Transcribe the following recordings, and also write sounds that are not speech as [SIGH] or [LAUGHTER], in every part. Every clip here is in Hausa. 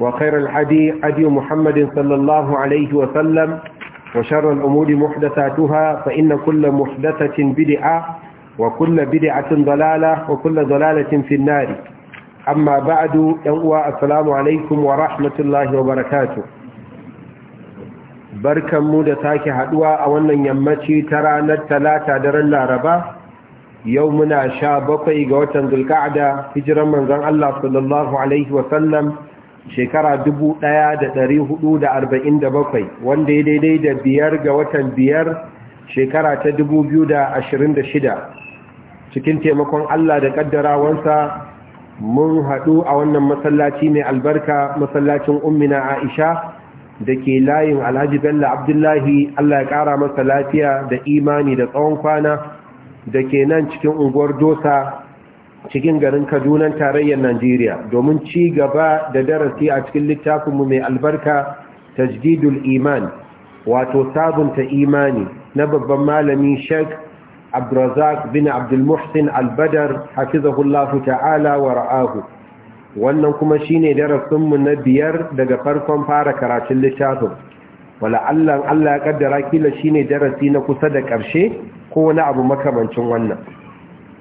وخير الحدي حدي محمد صلى الله عليه وسلم وشر الأمور محدثاتها فإن كل محدثة بدعة وكل بدعة ضلالة وكل ضلالة في النار أما بعد يوء السلام عليكم ورحمة الله وبركاته barkan mu da sake haɗuwa a wannan yammaci ta ranar talata daren laraba yau muna sha bakwai ga watan zulka'ada hijiran manzon Allah sallallahu shekara dubu ɗaya da da da ɗari arba'in bakwai, wanda ya daidai da biyar ga watan biyar shekara ta da da ashirin shida. cikin taimakon Allah da kaddarawansa mun haɗu a wannan masallaci mai albarka masallacin ummina Aisha da ke layin Alhaji Bello Abdullahi Allah ya ƙara masa lafiya da imani da tsawon kwana da ke nan cikin unguwar Dosa cikin garin Kaduna tarayyar Najeriya domin ci gaba da darasi a cikin littafinmu mai albarka tajdidul iman wato sabunta imani na babban malami Sheikh Abdulrazak bin Abdulmuhsin Muhsin Al-Badar hafizahullahu ta'ala wa ra'ahu wannan kuma shine darasinmu na biyar daga farkon fara karatun littafin wala Allah Allah ya kaddara kila shine darasi na kusa da ƙarshe ko wani abu makamancin wannan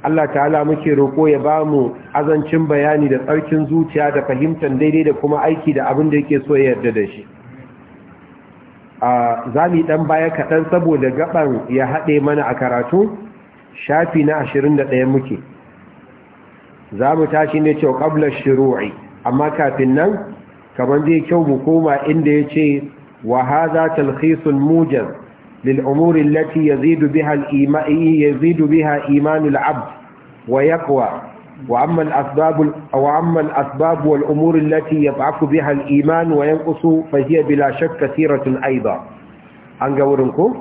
Allah ta'ala muke roƙo ya ba mu azancin bayani da tsarkin zuciya da fahimtar daidai da kuma aiki da abin da yake so ya yarda da shi a zami ɗan baya kaɗan saboda gaban ya haɗe mana a karatu shafi na ashirin da ɗaya muke za mu tashi ne cewa ƙablar shiru'i amma kafin nan kamar zai kyau mu koma inda ya ce wa haza talhisun mujaz للأمور التي يزيد بها, الإيمان يزيد بها إيمان العبد ويقوى وأما الأسباب, وأما الأسباب والأمور التي يضعف بها الإيمان وينقص فهي بلا شك كثيرة أيضا أنقورنكم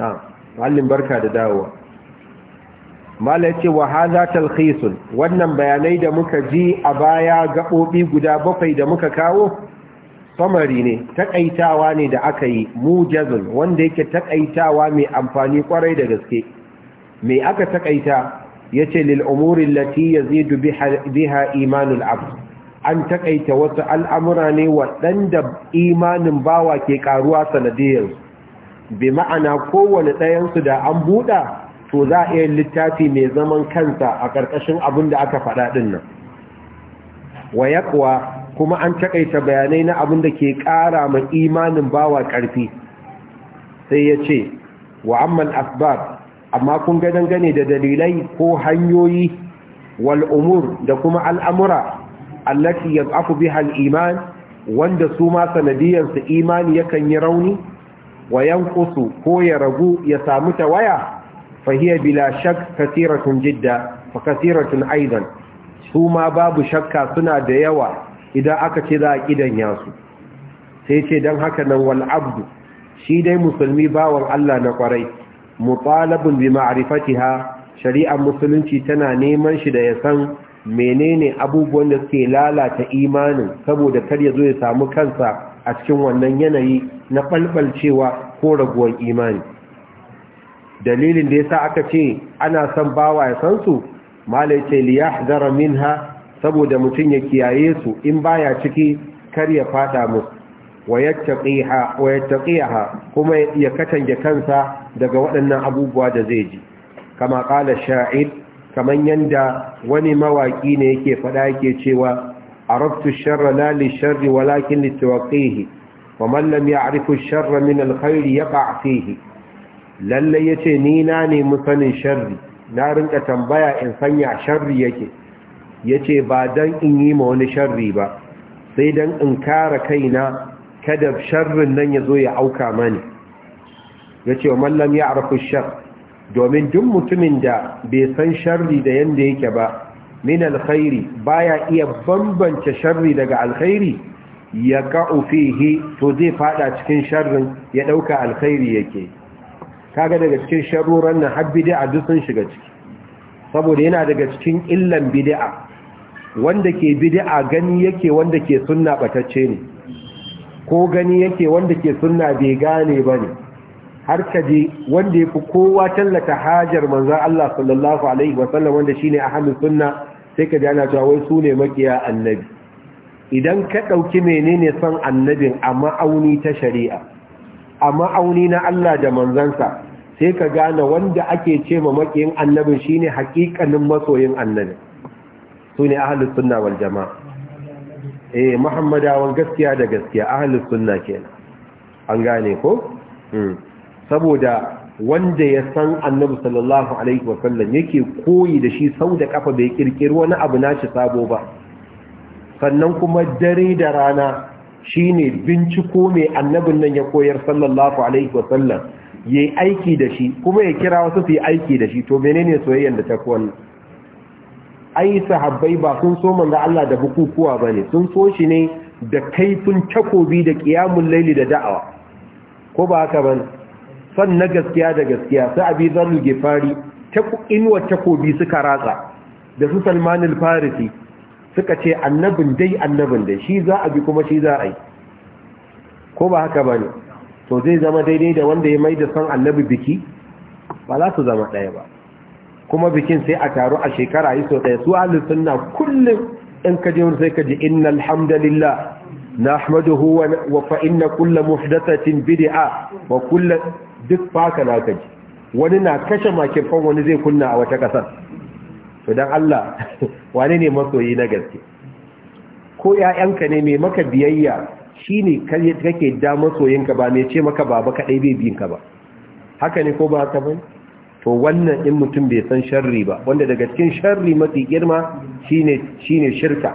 نعم معلم بركة داوة malace wa hadha talkhisun wannan bayanai da muka ji a baya gabobi guda bakwai da muka kawo samari ne taƙaitawa ne da aka yi mujazun wanda yake taƙaitawa mai amfani kwarai da gaske me aka taƙaita? yace lil umuri allati yazidu biha imanul abd an takaita wasu al'amura ne waɗanda imanin bawa ke ƙaruwa sanadiyar bi ma'ana kowane ɗayansu da an buɗa to za a iya littafi mai zaman kansa a ƙarƙashin abin da aka faɗa ɗin nan waya kuwa kuma an takaita bayanai na abin da ke ƙara ma imanin bawa ƙarfi sai ya ce wa amman asbab amma kun ga dangane da dalilai ko hanyoyi wal umur da kuma al'amura allati yad'afu biha al-iman wanda su ma sanadiyar su imani yakan yi rauni wa yanqusu ko ya ragu ya samu ta waya? hiya bila shak kasiratun jidda fa kasiratun aidan su ma babu shakka suna da yawa idan aka ce za a kidan yasu sai ce dan haka nan wal abdu shi dai musulmi bawan Allah na kwarai mutalabun bi ma'rifatiha shari'ar musulunci tana neman shi da ya san menene abubuwan da suke lalata imanin saboda kar ya zo ya samu kansa a cikin wannan yanayi na balbalcewa ko raguwar imani dalilin da yasa aka ce ana son bawa ya san su malai ce minha saboda mutum ya kiyaye su in baya ciki kar ya fada musu wa yattaqiha kuma ya katange kansa daga waɗannan abubuwa da zai ji kama ƙala sha'ir kaman yanda wani mawaƙi ne yake faɗa yake cewa a ash-sharra na lish-sharri walakin litawqihi wa man lam ya'rifu sharra min al-khayr yaqa' fihi ya yace ni na ne musanin sharri na rinka tambaya in sanya sharri yake ce ba dan in yi ma wani sharri ba sai dan in kara kaina kada sharrin nan ya zo ya auka mani ya ce wa mallam ya arafi shar domin duk mutumin da bai san sharri da yadda yake ba min alkhairi baya iya bambance sharri daga alkhairi ya ka'u fihi to zai fada cikin sharrin ya dauka alkhairi yake kaga daga cikin sharuran nan har bid'a duk sun shiga ciki saboda yana daga cikin illan bid'a wanda ke bid'a gani yake wanda ke sunna batacce ne ko gani yake wanda ke sunna bai gane ba ne har ka je wanda ya fi kowa tallata hajar manzan Allah sallallahu Alaihi wasallam wanda shi ne a hannun sunna sai ka jana cewa wai su ne makiya annabi idan ka ɗauki menene son annabin a ma'auni ta shari'a a ma'auni na Allah da manzansa sai ka gane wanda ake ce ma makiyin annabin shi ne hakikanin masoyin annabin su ne sunna wal jama'a eh muhammadawan gaskiya da gaskiya ahlus sunna kenan an gane ko hmm. saboda wanda ya san annabi sallallahu alaihi wa sallam yake koyi da shi sau da kafa bai kirkiri wani abu naci sabo ba sannan kuma dare da rana shine binciko mai annabin nan ya koyar sallallahu alaihi wa sallam yayi aiki da shi kuma ya kira wasu su yi aiki da shi to menene soyayyar da ta wannan ai sahabbai ba sun so manzo Allah da bukukuwa bane sun so shi ne da kaifin takobi da qiyamul laili da da'awa ko ba haka bane san na gaskiya da gaskiya sai abi zallu gefari ta inuwa takobi suka ratsa da su Salman al-Farisi suka ce annabin dai annabin dai shi za a bi kuma shi za a yi ko ba haka bane to zai zama daidai da wanda ya mai da san annabi biki ba za su zama ɗaya ba kuma bikin sai a taru a shekara yi sau ɗaya su ahlus na kullum in ka je sai ka ji innal hamdalillah nahmaduhu wa fa inna kullu muhdathatin bid'a wa kulla duk faka na kaji wani na kashe fan wani zai kunna a wata kasar to dan Allah [LAUGHS] wani ne masoyi na gaske ko ƴaƴanka ne mai maka biyayya shine kake da masoyinka ba mai ce maka baba kadai bai bin ka ba haka ne ko ba ka bane to wannan in mutum bai san sharri ba wanda daga cikin sharri mafi girma shine shine shirka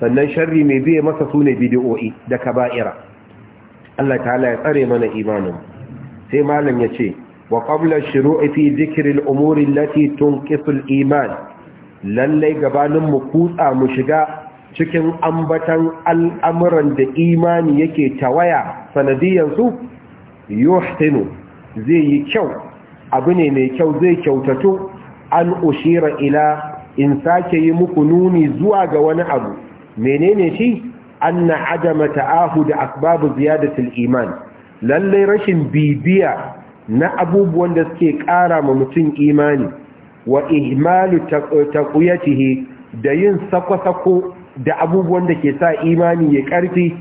sannan sharri mai biye masa sune bid'o'i da kaba'ira Allah ta'ala ya tsare mana imanin sai malam ya ce wa qabla shuru'i fi dhikri al-umuri allati tunqisu al-iman lalle gabanin mu kutsa mu shiga cikin ambatan al'amuran da imani yake tawaya su yuhtinu zai yi kyau abu ne mai kyau zai kyautatu an ushira ila in sake yi muku nuni zuwa ga wani abu menene shi anna adama ta'ahud asbabu ziyadatul iman Lallai rashin bibiya na abubuwan da suke ƙara ma mutum imani wa ihmalu taqwiyatihi da yin sako-sako da abubuwan da ke sa imani ya ƙarfi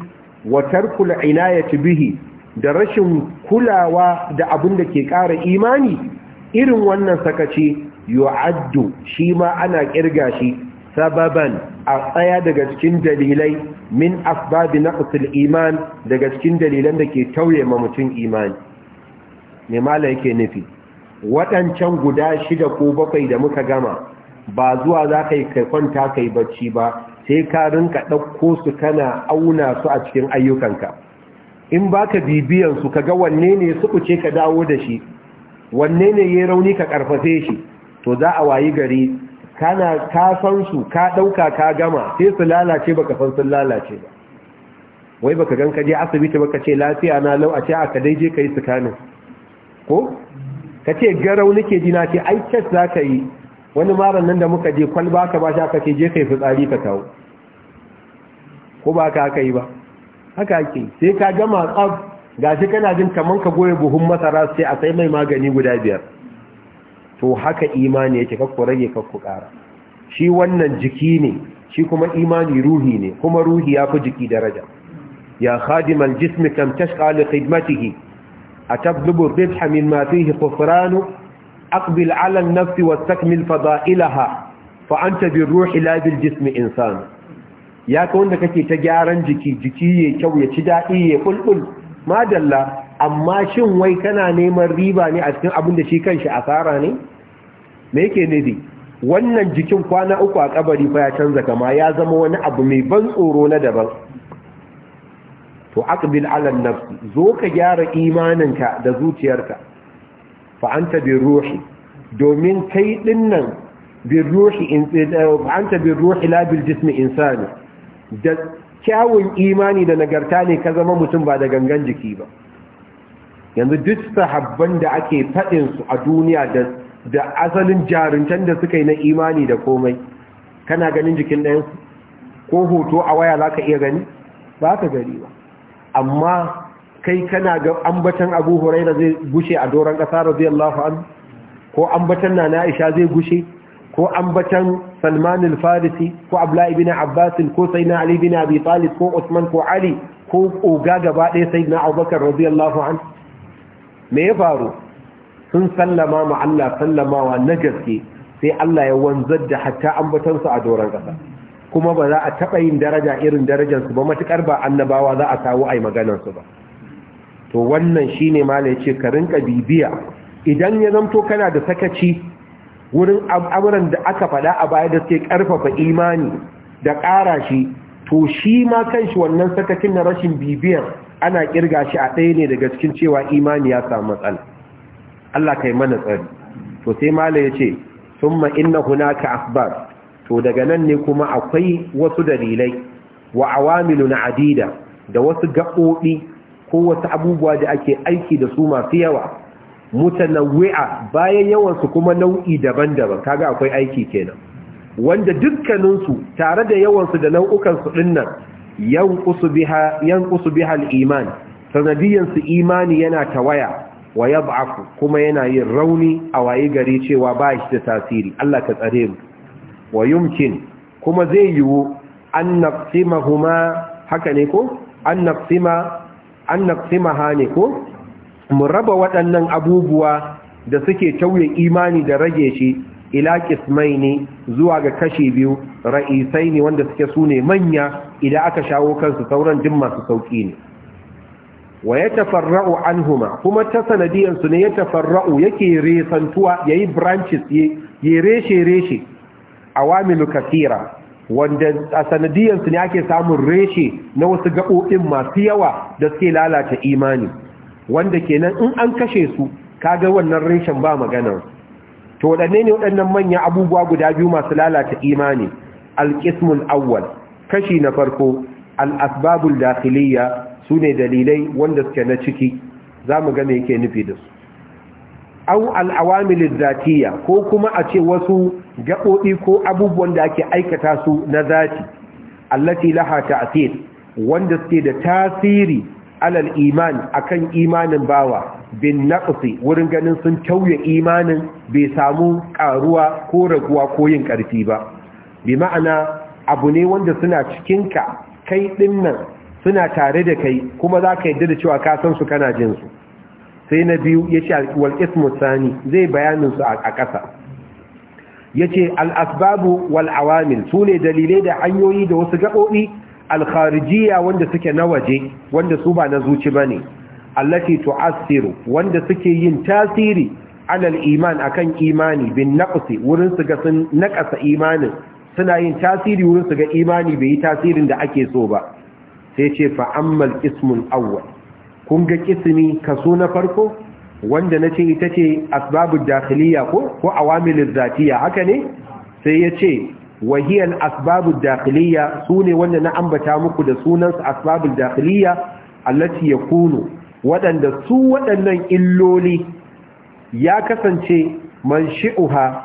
wa tarkul inayati bihi da rashin kulawa da abin da ke ƙara imani irin wannan sakaci yu'addu shi ma ana ƙirga shi sababan a tsaya daga cikin dalilai min asbabi naqsil iman daga cikin dalilan da ke tauye ma mutum imani ne mala yake nufi waɗancan guda shida ko bakwai da muka gama ba zuwa za ka yi kai kwanta kai bacci ba sai ka rinka ɗauko su kana auna su a cikin ayyukanka in baka bibiyansu, ka ga wanne ne sukuce ka dawo da shi wanne ne yayi rauni ka karfafe shi to za a wayi gari kana ka san su ka dauka ka gama sai su lalace baka san sun lalace ba wai baka gan ka je asibiti baka ce lafiya na lau a ce aka dai je kai scanning ko kace ga rauni ke jina ce ai za ka yi wani maran nan da muka je kwalba ka ba shi aka ce je kai fitsari ka kawo ko ba ka aka yi ba haka ke! sai ka gama tsab gashi kana jin kamar ka goye buhun masara sai a sai mai magani guda biyar to haka imani yake kakku rage kakku ƙara shi wannan jiki ne shi kuma imani ruhi ne kuma ruhi ya fi jiki daraja ya khadimal jismi kam tashqa li khidmatihi atabdu ribha mimma fihi khufran aqbil ala an-nafs wastakmil fada'ilaha fa anta bi ruhi la bil jismi insan ya ka wanda kake ta gyaran jiki jiki ya kyau ya ci daɗi ya bulbul madalla amma shin wai kana neman riba ne a cikin abin da shi kanshi asara ne me yake dai? wannan jikin kwana uku a kabari fa ya canza kama ya zama wani abu mai ban tsoro na daban to aqbil ala nafsi zo ka gyara imaninka da zuciyarka fa anta bi ruhi domin kai dinnan bi ruhi in eh, fa anta bi ruhi la bil jismi insani da kyawun imani da nagarta ne ka zama mutum ba da gangan jiki ba yanzu duk sahabban da ake faɗinsu a duniya da asalin jaruntan da suka yi na imani da komai kana ganin jikin ɗayansu ko hoto a waya za ka iya gani ba ka gari ba amma kai kana ga ambatan abu huraira zai gushe a doron ƙasa radiyallahu an ko ambatan na Aisha zai gushe ko ambatan Salman al-Farisi ko Abdullahi ibn Abbas ko Sayyidina Ali ibn Abi Talib ko Usman ko Ali ko oga gaba ɗaya Sayyidina Abubakar radiyallahu anhu me ya faru sun sallama ma Allah sallamawa na gaske sai Allah ya wanzar da hatta ambatan su a doran kasa kuma ba za a taɓa yin daraja irin su ba matuƙar ba annabawa za a kawo a yi maganarsu ba to wannan shine ne ce ka rinka idan ya zamto kana da sakaci wurin amuran da aka faɗa a baya da suke ƙarfafa imani da ƙara shi to shi ma kanshi wannan sakacin na rashin bibiyar ana ƙirga shi a ɗaya ne daga cikin cewa imani ya samu matsala Allah kai mana tsari to sai mala ya ce summa inna hunaka akhbar to daga nan ne kuma akwai wasu dalilai wa awamilu na adida da wasu gaɓoɓi ko wasu abubuwa da ake aiki da su masu yawa mutanawwi'a bayan yawansu kuma nau'i daban-daban kaga akwai aiki kenan wanda dukkaninsu tare da yawansu da nau'ukan su dinnan yanqusu biha yanqusu biha al-iman sanadiyan su imani yana tawaya wa yab'afu kuma yana yin rauni a waye gare cewa ba shi da tasiri Allah ka tsare mu wa yumkin kuma zai yiwu an naqsimahuma haka ne ko an naqsima an naqsimaha ne ko mu raba waɗannan abubuwa da suke tauye imani da rage shi ila kismai ne zuwa ga kashi biyu ra'isai ne wanda suke su ne manya idan aka shawo kansu sauran jin masu sauƙi ne wa ya tafarra'u anhuma kuma ta sanadiyansu ne ya tafarra'u yake resantuwa ya yi branches ya reshe-reshe a wamilu kasira wanda a sanadiyansu ne ake samun reshe na wasu gaɓoɓin masu yawa da suke lalata imani wanda kenan in an kashe su kaga wannan reshen ba magana to waɗanne ne waɗannan manyan abubuwa guda biyu masu lalata imani alƙismul awwal kashi na farko al'asbabul dakhiliya su ne dalilai wanda suke na ciki za mu me yake nufi da su au al'awamilin zatiya ko kuma a ce wasu gaɓoɓi ko abubuwan da ake aikata su na zati allati laha ta'sir wanda suke da tasiri alal iman akan imanin bawa bin naqsi wurin ganin sun tauye imanin bai samu karuwa ko raguwa ko yin karfi ba bi ma'ana abu ne wanda suna cikin ka kai dinnan suna tare da kai kuma za ka yadda da cewa ka san su kana jin su sai na biyu yace wal ismu sani zai bayanin su a ƙasa yace al asbabu wal awamil sune dalilai da hanyoyi da wasu gabobi alkharijiya wanda suke na waje wanda su ba na zuci bane allati tu'assiru wanda suke yin tasiri alal iman akan imani bin naqsi wurin su ga sun naqasa imanin suna yin tasiri wurin su ga imani bai yi tasirin da ake so ba sai ce fa ammal ismul awwal kun ga kismi kaso na farko wanda nace ita ce asbabud dakhiliya ko ko awamiluz zatiya haka ne sai yace wahiyar asbabul dakhiliya su ne na ambata muku da sunansu asbabul dakhiliya allati ya kunu waɗanda su waɗannan illoli ya kasance manshi'uha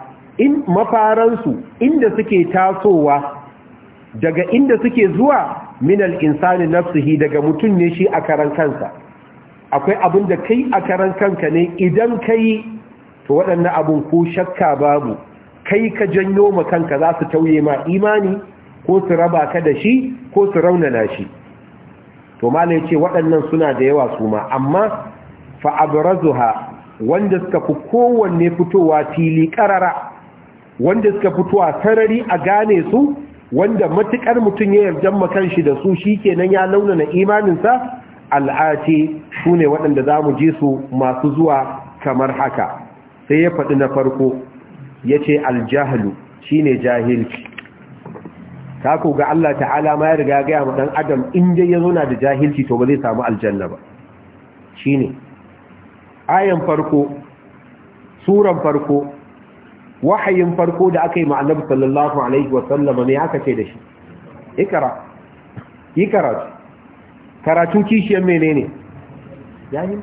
mafaransu inda suke tasowa daga inda suke zuwa minal insani nafsihi daga mutum ne shi a karan kansa akwai abin da kai a karan kanka ne idan kai to waɗannan abun ko shakka babu kai ka janyo ma kanka za su tauye ma imani ko su raba ka da shi ko su raunana shi to malai ce waɗannan suna da yawa su ma amma fa'abrazuha wanda suka fi kowanne fitowa fili ƙarara wanda suka fitowa sarari a gane su wanda matuƙar mutum ya yarda makan shi da su shi kenan ya launana imaninsa al'ati su ne waɗanda za mu ji su masu zuwa kamar haka sai ya faɗi na farko Ya aljahalu aljahlu ne jahilci ta ku ga Allah ta'ala ma ya riga gaya mu dan adam in dai ya zuna da jahilci to ba zai samu aljanna ba ne. ayan farko suran farko wahayin farko da aka yi ma'anar sallallahu alaihi wasallam ne aka ce da shi ikara ikara karatu kishiyar menene jahil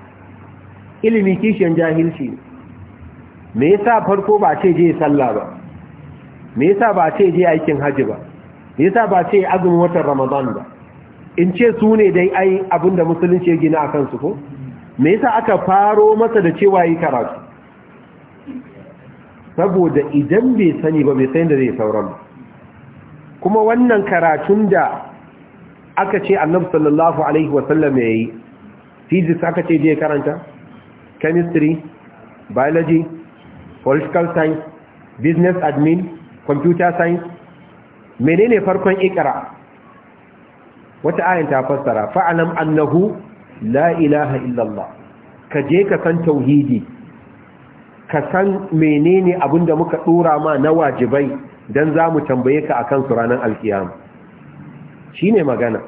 ilimi kishiyar jahilci ne me yasa farko ba ce je sallah ba me yasa ba ce je aikin haji ba me yasa ba ce azumin watan ramadan ba in ce su ne dai ai abinda musulunci ya gina akan su ko me yasa aka faro masa da cewa yi karatu saboda idan bai sani ba bai san da zai sauran ba kuma wannan karatun da aka ce annabi sallallahu alaihi sallam yayi physics aka ce je karanta chemistry biology political science business admin computer science menene farkon ikra wata ayin ta fassara fa'alam annahu la ilaha illallah ka je ka san tauhidi ka san menene da muka dora ma na wajibai dan zamu tambaye ka akan su ranar alkiyama shine magana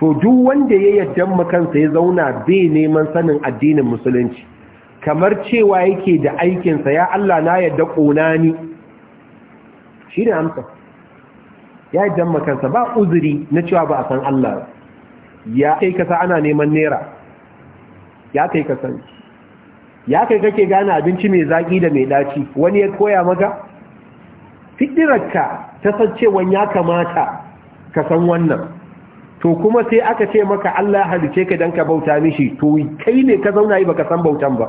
to duk wanda ya yaddan makansa ya zauna bai neman sanin addinin musulunci kamar cewa yake da aikinsa ya Allah na yadda ƙona ni shi ne amsa ya yi makansa ba uzuri na cewa ba a san Allah ya kai kasa ana neman nera ya kai kasan ya kai kake gane abinci mai zaƙi da mai daci, wani ya koya maka Fiɗirarka ta san cewa ya kamata ka san wannan to kuma sai aka ce maka Allah halice ka dan ka bauta mishi to kai ne ka zauna yi baka san bautan ba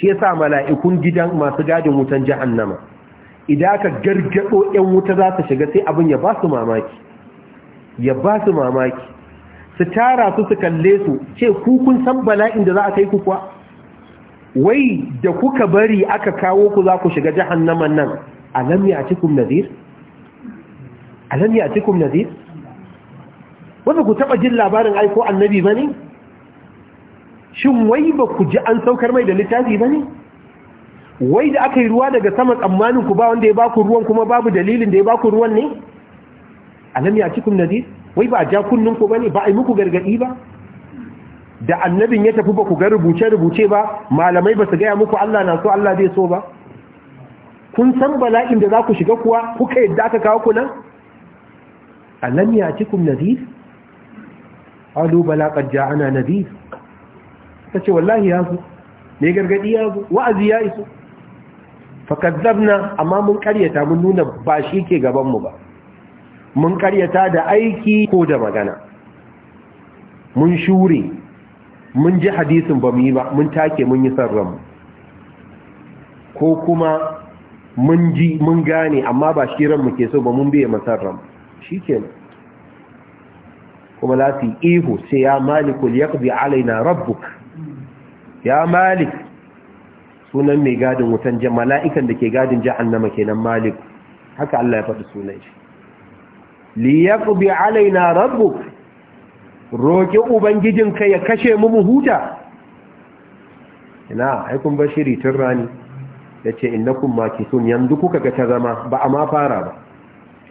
shi yasa mala'ikun gidan masu gadin wutan nama. Ida ka gargado yan wuta za ta shiga sai abin ya ba su mamaki ya ba su mamaki su tara su su kalle su ce ku kun san bala'in da za a kai ku kuwa wai da kuka bari aka kawo ku za ku shiga nama nan alam ya cikum nazir alam ya cikum nazir wanda ku taba jin labarin aiko annabi bane shin wai ba ku ji an saukar mai da littafi ba ne wai da aka yi ruwa daga sama tsammanin ku ba wanda ya baku ruwan kuma babu dalilin da ya baku ruwan ne alam ya cikin nadir wai ba a ja kunnen ba ne ba a yi muku gargaɗi ba da annabin ya tafi ba ku ga rubuce-rubuce ba malamai ba su gaya muku Allah na so Allah zai so ba kun san bala'in da za ku shiga kuwa kuka yadda aka kawo ku nan alam ya cikin nadir alu bala qad ana nadir ta ce wallahi ya zo ne gargadi ya zo wa'azi ya iso fakazzabna amma mun karyata mun nuna ba shi ke gabanmu ba mun karyata da aiki ko da magana mun shure mun ji hadisin ba mu yi ba mun take mun yi son ko kuma mun ji mun gane amma ba shi ranmu ke so ba mun biye masar shi kenan kuma za ihu sai ya malikul ya alaina rabbuka ya malik sunan mai gadin wutan mala'ikan da ke gadin jahannama kenan malik haka Allah ya faɗi sunan shi li na alaina rabbuk ubangijin ka ya kashe mu mu huta ina haikun bashiri tun rani ce yace maki sun yanzu kuka ga ta zama ba a ma fara ba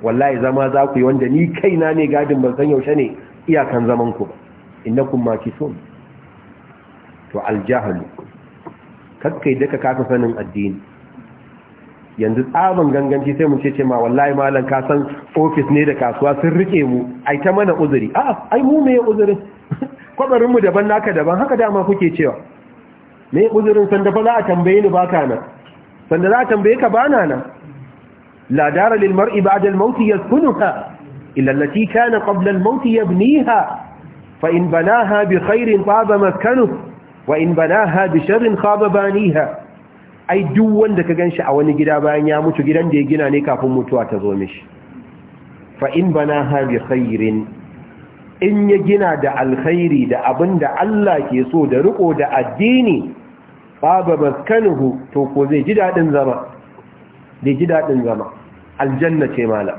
wallahi zama za ku yi wanda ni kaina ne gadin ban san yaushe ne iyakan zaman ku ba maki sun to aljahalu kakkai duka kafa sanin addini yanzu tsaban ganganci sai mu ce ce ma wallahi malam ka san ofis ne da kasuwa sun rike mu ai ta mana uzuri a'a ai mu me uzurin [LAUGHS] kwabarin mu daban naka daban haka dama kuke cewa me uzurin san da fa za a tambaye ni baka na san da za a tambaye ka bana na la dara lil mar'i ba'da al mawt yaskunuha illa allati kana qabla al mawt yabniha fa in banaha bi khairin taba maskanuhu wa in banaha bi sharrin khaba baniha ai duk wanda ka ganshi a wani gida bayan ya mutu gidan da ya gina ne kafin mutuwa ta zo mishi fa in banaha bi khairin in ya gina da alkhairi da abin da Allah ke so da riko da addini babu maskanuhu to ko zai ji dadin zama zai ji dadin zama aljanna ce mala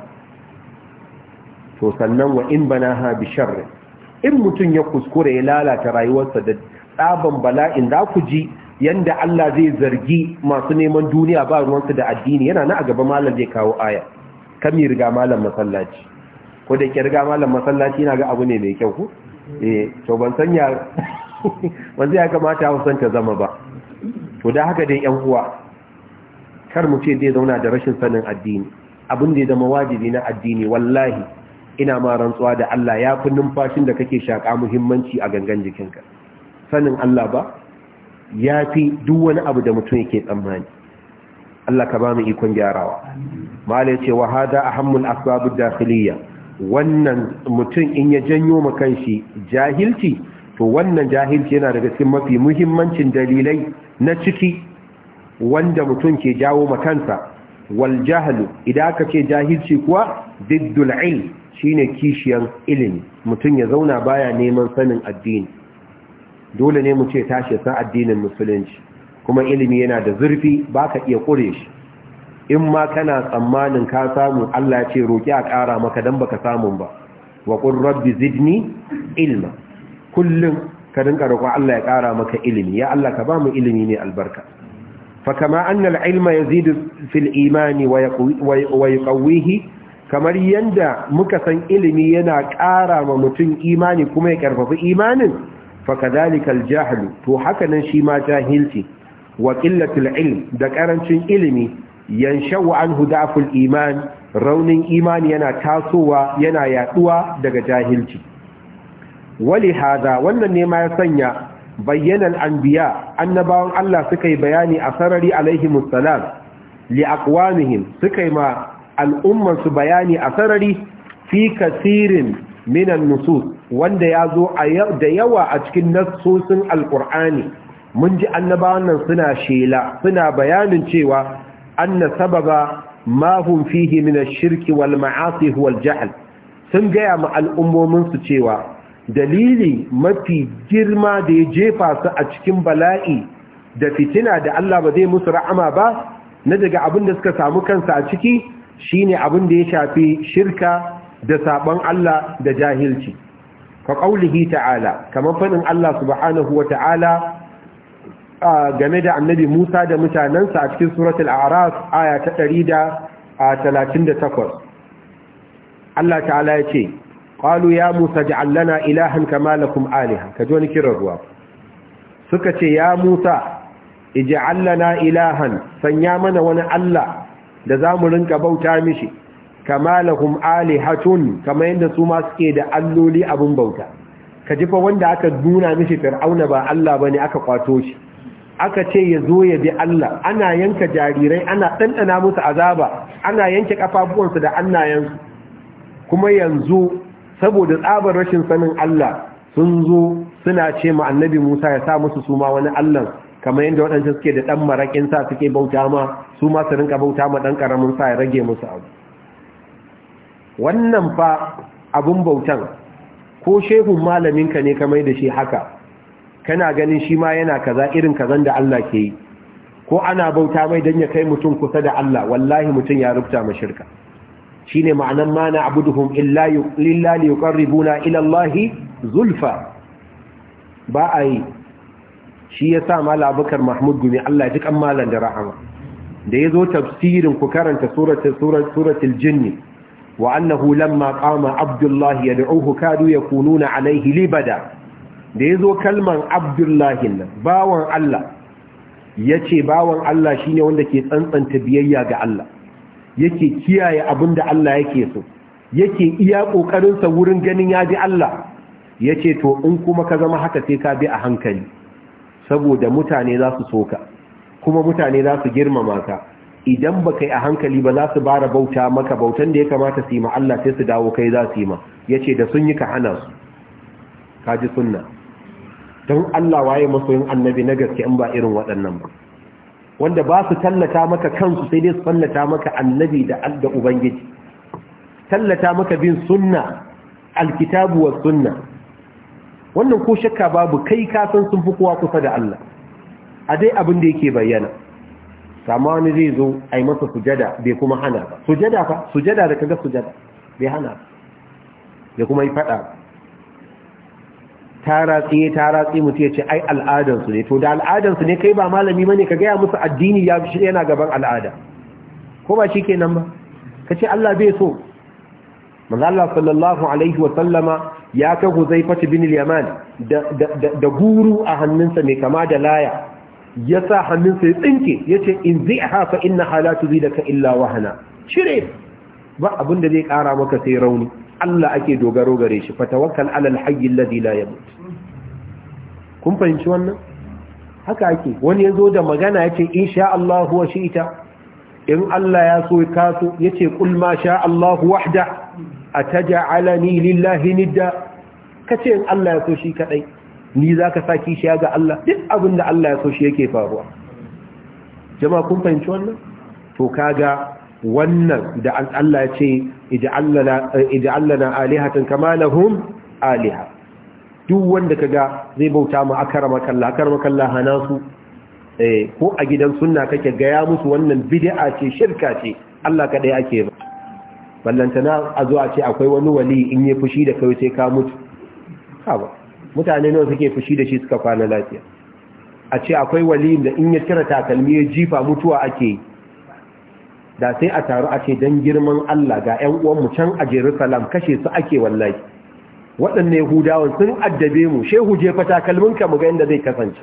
to sannan wa in banaha bi sharrin, in mutun ya kuskure ya lalata rayuwarsa da tsaban bala'in za ku ji yadda Allah zai zargi masu neman duniya ba ruwansu da addini yana na a gaba malam zai kawo aya kam yi riga malam masallaci ko da ke riga malam masallaci yana ga abu ne mai kyau ku? e eh, to ban san ya wanzu [LAUGHS] ya kamata Hausan ta zama ba to da haka dai yan uwa kar mu ce zai zauna da rashin sanin addini abin da ya zama wajibi na addini wallahi ina ma rantsuwa da Allah ya fi numfashin da kake shaƙa muhimmanci a gangan jikinka sanin Allah ba ya fi duk wani abu da mutum yake tsammani Allah ka ba mu ikon gyarawa malai ce wa hada ahammul asbabud dakhiliya wannan mutum in ya janyo ma kanshi jahilci to wannan jahilci yana daga cikin mafi muhimmancin dalilai na ciki wanda mutum ke jawo ma kansa wal jahlu idan aka ce jahilci kuwa diddul ilm shine kishiyan ilimi mutum ya zauna baya neman sanin addini dole ne mu ce tashi san addinin musulunci kuma ilimi yana da zurfi baka iya ƙure shi in ma kana tsammanin ka samu Allah yace ce a ƙara maka dan baka samu ba wa rabbi zidni ilma kullum ka rinka roƙon Allah ya ƙara maka ilimi ya Allah ka ba mu ilimi ne albarka fa kama annal ilma yazidu fil imani wa yuqawwihi kamar yanda muka san ilimi yana ƙara ma mutum imani kuma ya karfafi imanin fakadhalika al to haka nan shi ma jahilci wa qillatul ilm da karancin ilimi yanshawu anhu da'ful iman raunin imani yana tasowa yana yaduwa daga jahilci wali hada wannan ne ma ya sanya bayyanan anbiya annabawan Allah suka yi bayani a sarari alaihimus salam li aqwamihim suka yi ma al'umman su bayani a sarari fi kasirin minan nusus wanda ya zo da yawa a cikin nasusun alkur'ani mun ji annabawan nan suna shela suna bayanin cewa na sababa ma hum fihi min shirki wal ma'asi jahl sun gaya ma al'ummomin su cewa dalili mafi girma da ya jefa su a cikin bala'i da fitina da Allah ba zai musu ra'ama ba na daga abin da suka samu kansa a ciki shine abin da ya shafi shirka da saban Allah da jahilci ka qaulihi ta'ala kamar fadin Allah subhanahu wa ta'ala game da annabi Musa da mutanansa a cikin suratul a'raf aya ta 138 Allah ta'ala ya ce qalu ya Musa ja'al lana ilahan kama lakum aliha kaji wani kiran ruwa suka ce ya Musa ij'al lana ilahan sanya mana wani Allah da zamu rinka bauta mishi kama lahum alihatun kama yadda su ma suke da alloli abun bauta ka fa wanda aka nuna mishi fir'auna ba Allah bane aka kwato shi aka ce ya zo ya bi Allah ana yanka jarirai ana ɗanɗana musu azaba ana yanke kafafuwansu da annayensu kuma yanzu saboda tsabar rashin sanin Allah sun zo suna ce ma annabi Musa ya sa musu su ma wani Allah kamar yadda waɗancan suke da ɗan maraƙin sa suke bauta ma su ma su rinka bauta ma ɗan ƙaramin sa ya rage musu abu wannan fa abun bautan ko shehun malaminka ne ka mai da shi haka kana ganin shi ma yana kaza irin kazan da Allah ke yi ko ana bauta mai dan ya kai mutum kusa da Allah wallahi mutum ya rubuta ma shirka shine ma'anan ma na abuduhum illa lillahi yuqarribuna ila Allah zulfa ba ai shi yasa mala abukar mahmud gumi Allah duk an malan da rahama da yazo tafsirin ku karanta suratul suratul jinni wa annahu lamma qama abdullahi hukadu ya kununa alaihi libada da yazo kalman abdullahi nan bawan Allah yace bawan Allah shine wanda ke tsantsanta biyayya ga Allah yake kiyaye abinda Allah yake so yake iya ƙoƙarinsa sa wurin ganin ya ji Allah yace to in kuma ka zama haka sai ka bi a hankali saboda mutane za su soka kuma mutane za su girmama ka idan ba kai a hankali ba za su bara bauta maka bautan da ya kamata su yi ma Allah sai su dawo kai za su yi ma ya ce da sun yi ka hana su kaji sunna don Allah waye masoyin annabi na gaske in ba irin waɗannan ba wanda ba su tallata maka kansu sai dai su tallata maka annabi da ubangiji tallata maka bin sunna alkitabu wa sunna wannan ko shakka babu kai kasan san sun fi kowa kusa da Allah a dai abin da yake bayyana Sama wani zai zo a yi masa sujada bai kuma hana ba sujada fa sujada da kaga sujada bai hana ba bai kuma yi fada ba taratsi ya taratsi mutu ya ce ai al'adansu ne to da al'adansu ne kai ba malami mani ka gaya musu addini ya fi yana gaban al'ada ko ba shi kenan ba ka ce Allah bai so mazala Allah sallallahu alaihi wa sallama ya kai fata bin al-Yaman da guru a hannunsa mai kama da laya ya sa hannunsa ya tsinke ya ce in zai hafa inna halatu zai da ka illa wahana cire ba abin da zai kara maka sai rauni Allah ake dogaro gare shi fatawakkal alal hayyin Ladila ya yamut kun fahimci wannan haka ake wani zo da magana yace sha Allah huwa shi'ita in Allah ya so ka so yace qul ma sha Allah wahda ataj'alani lillahi nidda kace in Allah ya so shi kaɗai! ni za ka sa kishiya ga Allah duk abin da Allah ya so shi yake faruwa jama'a kun fahimci wannan to kaga wannan da Allah ya ce ij'alna alihatan kama lahum aliha duk wanda kaga zai bauta mu akarama kallah akarama kallah hana su eh ko a gidan sunna kake ga ya musu wannan bid'a ce shirka ce Allah dai ake ba ballantana a zuwa ce akwai wani wali in yi fushi da kai sai ka mutu ha ba mutane nawa suke fushi da shi suka kwana lafiya a ce akwai waliyin da in ya cire takalmi ya jifa mutuwa ake yi da sai a taru a ce don girman Allah ga ‘yan uwanmu can a Jerusalem kashe su ake wallahi waɗanne Yahudawan sun addabe mu shehu jefa takalmin mu ga inda zai kasance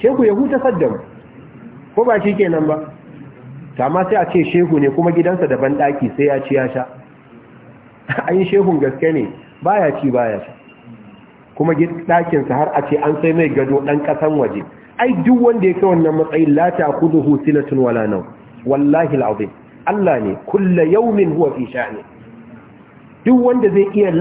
shehu yahu ta saddam ko ba shi kenan ba Ta ma sai a ce shehu ne kuma gidansa da banɗaki sai ya ci ya sha ayin [LAUGHS] shehun gaske ne baya ci baya sha kuma ɗakinsa har a ce an sai mai gado ɗan ƙasan waje ai duk wanda ya kai wannan matsayin la ta kudu husilatun wala nau wallahi al'azim Allah ne kulla yaumin huwa fi sha'ni duk wanda zai iya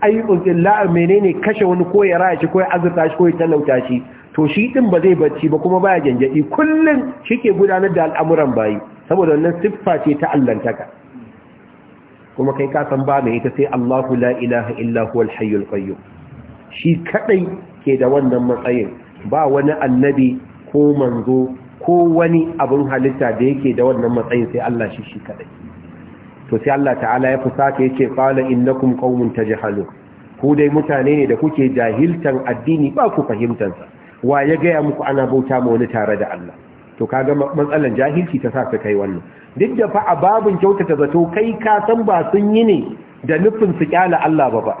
ayyukan menene kashe wani ko ya raya shi ko ya azurta shi ko ya talauta shi to shi din ba zai bacci ba kuma baya Kullum shi ke gudanar da al'amuran bayi saboda wannan siffa ce ta allantaka kuma kai ka san ba mai ita sai Allahu la ilaha illa huwal hayyul qayyum shi kadai ke da wannan matsayin ba wani annabi ko manzo ko wani abin halitta da yake da wannan matsayin sai Allah shi shi kadai to sai Allah ta'ala ya fusata yace qala innakum qaumun tajhalu ku dai mutane ne da kuke jahiltan addini ba ku fahimtan sa wa ya ga muku ana bauta ma wani tare da Allah to kaga matsalan jahilci ta sa ka kai wannan duk da fa a babun kyautata zato kai ka san ba sun yi ne da nufin su kyala Allah ba ba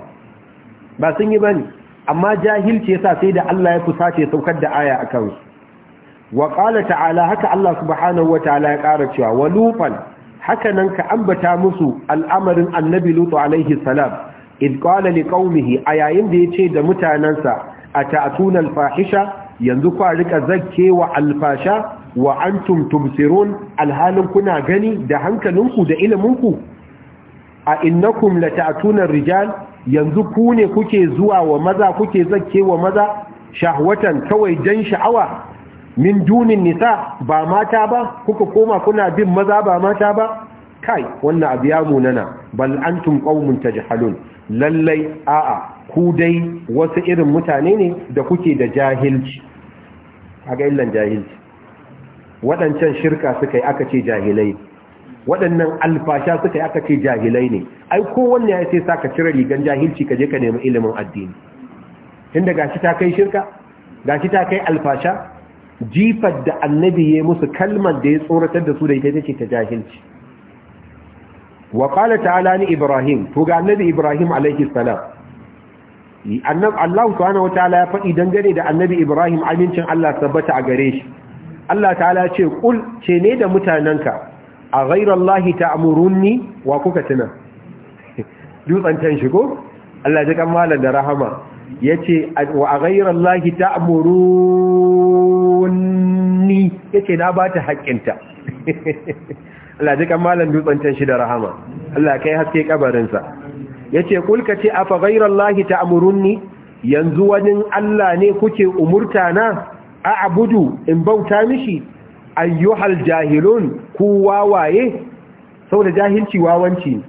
ba sun yi bane amma jahilci yasa sai da Allah ya kusace saukar da aya akan su wa qala ta'ala haka Allah subhanahu wa ta'ala ya ƙara cewa wa lufan haka nan ka ambata musu al'amarin annabi lutu alaihi salam id qala liqaumihi a yayin da yace da mutanansa ata'tuna al-fahisha yanzu kwa rika zakkewa al-fasha wa antum tumsirun alhalin kuna gani da hankalinku da iliminku a innakum lata'tuna ar-rijal yanzu ku ne kuke zuwa wa maza kuke zakke wa maza shahwatan kawai jan sha'awa min dunin nisa ba mata ba kuka koma kuna bin maza ba mata ba kai wannan abu ya munana bal antum qaumun tajhalun lallai a'a ku dai wasu irin mutane ne da kuke da jahilci a ga illan jahilci waɗancan shirka suka yi aka ce jahilai waɗannan alfasha suka yi aka ce jahilai ne ai kowanne ya ce sa ka cire rigan jahilci ka je ka nemi ilimin addini inda gashi ta kai shirka gashi ta kai alfasha jifar da annabi ya musu kalmar da ya tsoratar da su da ita ce ta jahilci wa qala ta'ala ni ibrahim to ga annabi ibrahim alaihi salam annab Allah subhanahu ya faɗi dangane da annabi ibrahim amincin Allah tabbata a gare shi Allah ta'ala ya ce kul ce ne da mutanenka. a ghairallahi ta'murunni wa kuka tuna [LAUGHS] dutsen can shigo Allah ji kan malam da rahama yace wa a ghairallahi ta'murunni yace na bata haƙƙinta [LAUGHS] Allah ji kan malam dutsen can shi da rahama Allah kai haske kabarin sa yace kulka ce afa ghairallahi ta'murunni yanzu wani Allah ne kuke umurtana? a abudu in bauta mishi ayyuhal jahilun ku wawaye saboda jahilci wawanci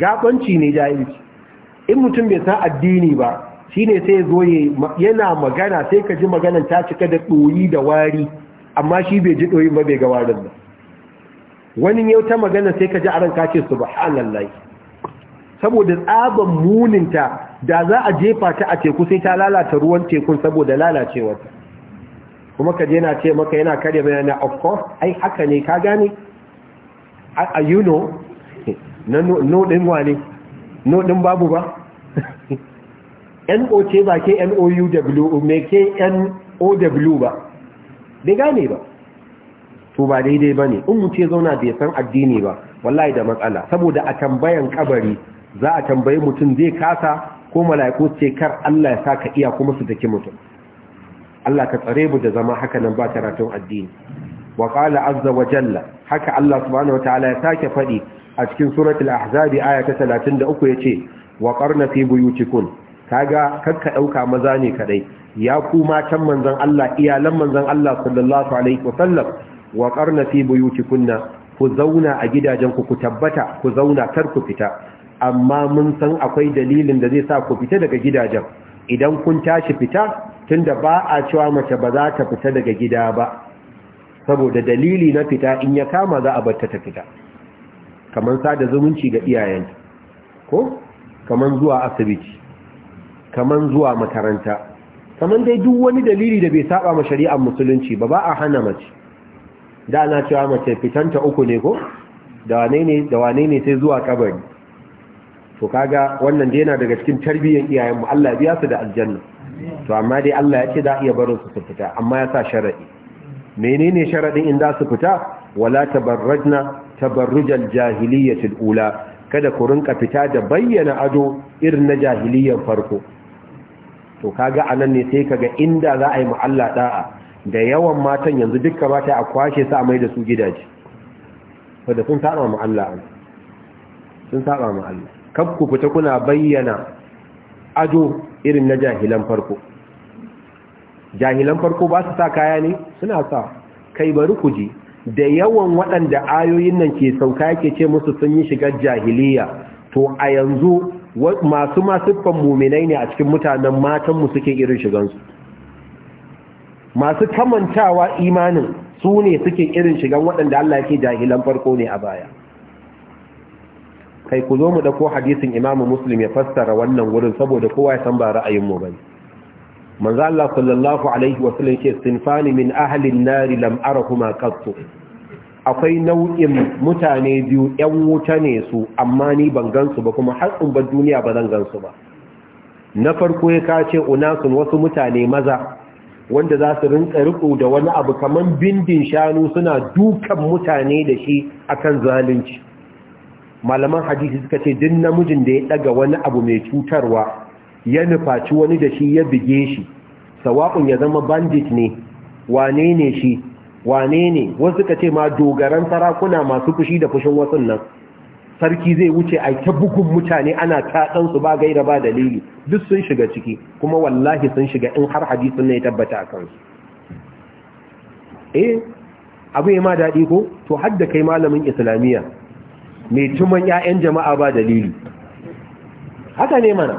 gabanci ne jahilci in mutum bai san addini ba shine sai zo yana magana sai ka ji maganan ta cika da ɗoyi da wari amma shi bai ji ɗoyin ba bai ga warin ba wani yau ta magana sai ka ji a ranka ce subhanallahi saboda tsaban muninta da za a jefa ta a teku sai ta lalata ruwan tekun saboda lalacewarta kuma ka je na ce maka yana kare mai of course ai haka ne ka gane a you know [LAUGHS] na nodin wane nodin babu ba [LAUGHS] no ce ba ke nouw me ke now ba bai gane ba to ba daidai ba ne in mutu ya zauna bai san addini ba wallahi da matsala saboda a tambayan kabari za a tambayi mutum zai kasa ko mala'iku ce kar Allah ya saka iya kuma su take mutum Allah ka tsare mu da zama haka nan ba karatun addini wa qala azza wa jalla haka Allah subhanahu wataala ya sake fadi a cikin suratul ahzab aya ta 33 yace wa qarna fi buyutikum kaga kakka dauka maza ne kadai ya ku matan manzon Allah iyalan manzon Allah sallallahu alaihi wasallam wa qarna fi buyutikunna ku zauna a gidajen ku ku tabbata ku zauna kar ku fita amma mun san akwai dalilin da zai sa ku fita daga gidajen idan kun tashi fita tunda ba a cewa mace ba za ta fita daga gida ba saboda dalili na fita in ya kama za a batta ta fita kamar sada zumunci ga iyayenta ko kamar zuwa asibiti kamar zuwa makaranta kamar dai duk wani dalili da bai saba ma shari'ar musulunci ba ba a hana mace da ana cewa mace fitanta uku ne ko da wane ne sai zuwa kabari to kaga wannan dai yana daga cikin tarbiyyar iyayenmu Allah ya biya su da aljanna to amma dai Allah ya ce za a iya barin su fita amma ya sa sharadi menene sharadin in za su fita wala tabarrajna tabarrujal jahiliyatul ula kada ku rinka fita da bayyana ado irin na jahiliyyar farko to kaga anan ne sai kaga inda za a yi mu Allah da'a da yawan matan yanzu dukkan mata a kwashe su a mai da su gidaje wanda sun saba mu Allah sun saba mu Allah kab ku fita kuna bayyana ado irin na jahilan farko jahilan farko ba su sa kaya ne suna sa kai bari ku ji da yawan waɗanda ayoyin nan ke sauka yake ce musu sun yi shigar jahiliya to a yanzu masu masu muminai ne a cikin mutanen matan matanmu suke irin shigansu masu kamantawa imanin su ne suke irin shigan waɗanda Allah ke jahilan farko ne a baya kai ku zo mu dauko hadisin imamu muslim ya fassara wannan wurin saboda kowa ya san ba ra'ayin mu bane manzo Allah sallallahu alaihi wa sallam ce sinfani min ahli an-nar lam arahuma qattu akwai nau'in mutane biyu yan wuta ne su amma ni ban gansu ba kuma har in ba duniya ba zan gansu ba na farko ya kace unasun wasu mutane maza wanda za su rinka riko da wani abu kaman bindin shanu suna dukan mutane da shi akan zalunci malaman hadisi suka ce duk namijin da ya daga wani abu mai cutarwa ya nufaci wani da shi ya bige shi sawa'un ya zama bandit ne wane ne shi wane ne wasu suka ce ma dogaran sarakuna masu fushi da fushin wasu nan sarki zai wuce a ta bugun mutane ana ta su ba gaira ba dalili duk sun shiga ciki kuma wallahi sun shiga in har hadisin ne ya tabbata a kansu eh abu ya ma daɗi ko to hadda kai malamin islamiyya mai tuman 'ya'yan jama'a ba dalili haka ne mana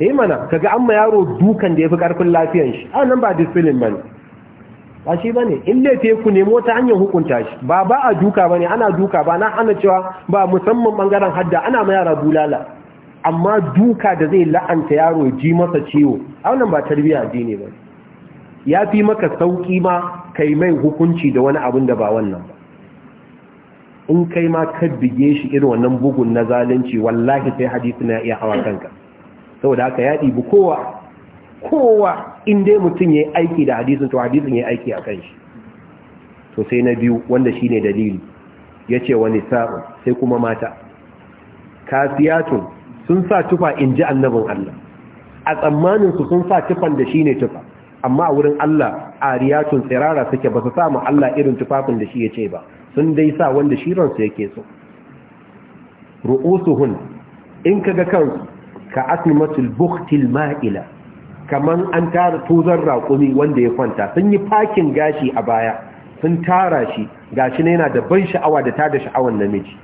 ne eh mana kaga an ma yaro dukan da ya fi ƙarfin lafiyan shi a ah, nan ba ba ne, ba shi bane in laife ku nemo ta hanyar hukunta shi ba ba a duka bane ana duka ba na ana cewa ba musamman ɓangaren hadda ana ma yara bulala amma duka da zai la'anta yaro ji masa ciwo a wannan ba tarbiyya addini ba, ya fi maka sauƙi ma kai mai hukunci da wani abin da ba wannan ba in kai ma ka bige shi irin wannan bugun na zalunci wallahi sai hadisi na iya hawa kanka saboda haka ya ɗibi kowa kowa in dai mutum ya aiki da hadisin to hadisin ya aiki a kan shi to sai na biyu wanda shine dalili ya ce wani sa'un sai kuma mata kasiyatun sun sa tufa in ji annabin Allah a su sun sa tufan da shine tufa amma a wurin Allah ariyatun tsirara suke ba su samu Allah irin tufafin da shi ya ce ba sun dai sa wanda shi ransu yake so ru'usuhun in ka ga kansu ka asmatul buhtil ma'ila kaman an tara tozon raƙumi wanda ya kwanta sun yi fakin gashi a baya sun tara shi gashi ne yana da ban sha'awa da tada sha'awan namiji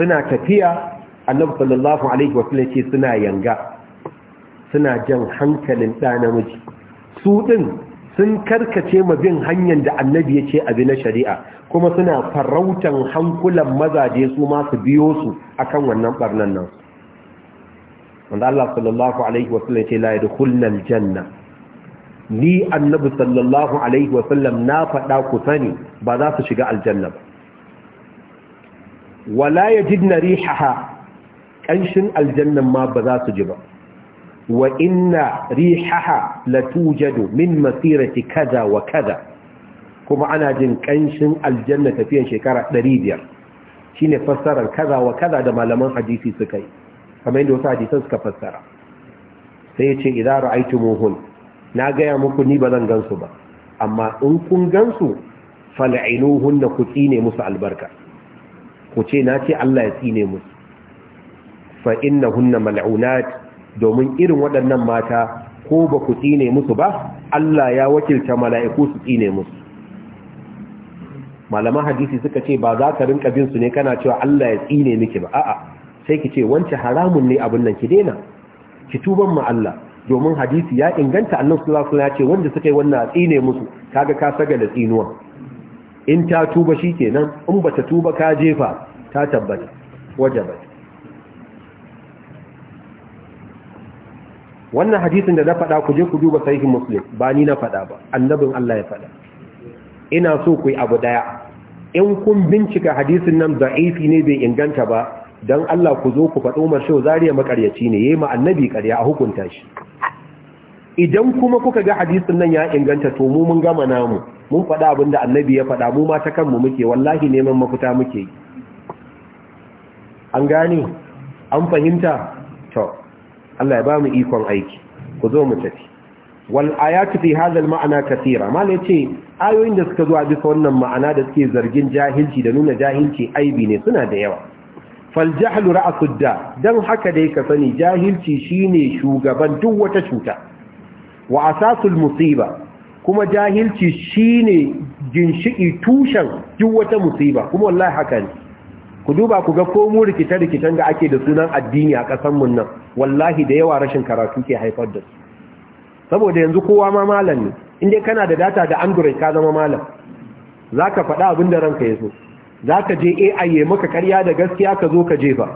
suna tafiya annabi sallallahu alaihi wasallam ce suna yanga suna jan hankalin ɗa namiji su din. sun karkace ma bin hanyar da annabi ya ce abi na shari'a kuma suna farautan hankulan mazaje su masu biyo su akan wannan barnan nan wanda Allah sallallahu alaihi wasallam ce la yadkhulnal janna ni annabi sallallahu alaihi wasallam na faɗa ku sani ba za su shiga aljanna ba wala yajidna rihaha kanshin aljanna ma ba za su ji ba wa inna rihaha latujadu min masirati kaza wa kaza kuma ana jin kanshin aljanna tafiyan shekara 500 shine fassara kaza wa kaza da malaman hadisi suka yi kamar yadda wasu hadisan suka fassara sai ya ce idan ra'aytumuhun na gaya muku ni ba zan gansu ba amma in kun gansu fal'inuhun da ku tsine musu albarka ku ce na ce Allah ya tsine musu fa innahunna mal'unat domin irin waɗannan mata ko ba ku tsine musu ba Allah ya wakilta mala'iku su tsine musu malaman hadisi suka ce ba za ka rinka bin su ne kana cewa Allah ya tsine miki ba a'a sai ki ce wance haramun ne abin nan ki daina ki tuban ma Allah domin hadisi ya inganta Allah sallallahu alaihi ya ce wanda suka yi wannan tsine musu kaga ka saga da tsinuwa in ta tuba shikenan in bata tuba ka jefa ta tabbata wajabat wannan hadisin da na faɗa ku je ku duba sahihin muslim ba ni na faɗa ba annabin Allah ya faɗa ina so ku yi abu daya in kun bincika hadisin nan da'ifi ne bai inganta ba dan Allah ku zo ku faɗo Umar Shehu Zariya makaryaci ne yayi ma annabi ƙarya a hukunta shi idan kuma kuka ga hadisin nan ya inganta to mu mun gama namu mun faɗa abin da annabi ya faɗa mu ma ta kanmu muke wallahi neman mafita muke an gane an fahimta to Allah ya ba mu ikon aiki ku zo mu tafi wal ayatu fi hadha al ma'ana kathira mal yace ayoyin da suka zo a bisa wannan ma'ana da suke zargin jahilci da nuna jahilci aibi ne suna da yawa fal jahlu ra'su da dan haka dai ka sani jahilci shine shugaban duk wata cuta wa asasul musiba kuma jahilci shine ginshiki tushen duk wata musiba kuma wallahi haka ne ku duba ku ga ko mu rikice-rikicen da ake da sunan addini a ƙasanmu nan wallahi da yawa rashin karatu ke haifar da su saboda yanzu kowa ma malam ne inda kana da data da android ka zama malam za ka faɗa abin da ranka ya so za ka je ai ya maka karya da gaskiya ka zo ka jefa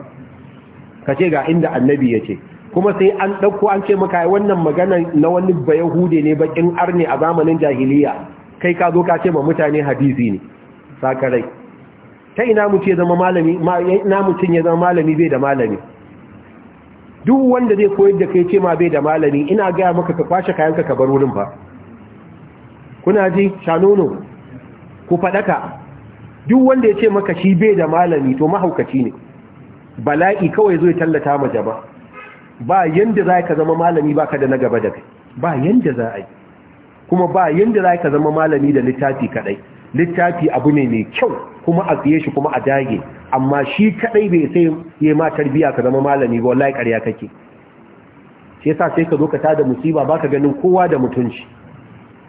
ka ce ga inda annabi ya ce kuma sai an ɗauko an ce maka wannan magana na wani bayahude ne bakin arne a zamanin jahiliya kai ka zo ka ce ma mutane hadisi ne sakarai ta ina mutum ya zama malami ina mutum ya zama malami bai da malami duk wanda zai koyar da kai ce ma bai da malami ina gaya maka ka kwashe kayanka ka bar wurin ba. kuna ji shanono ku faɗaka duk wanda ya ce maka shi bai da malami to mahaukaci ne bala'i kawai zo ya tallata ma ba ba yanda za ka zama malami ba ka da na gaba da kai ba yanda za a yi kuma ba yanda za ka zama malami da littafi kaɗai littafi abu ne mai kyau kuma a tsaye shi kuma a dage amma shi kadai bai sai ya ma tarbiya ka zama malami ba wallahi ƙarya kake shi yasa sai ka zo ka tada musiba baka ganin kowa da mutunci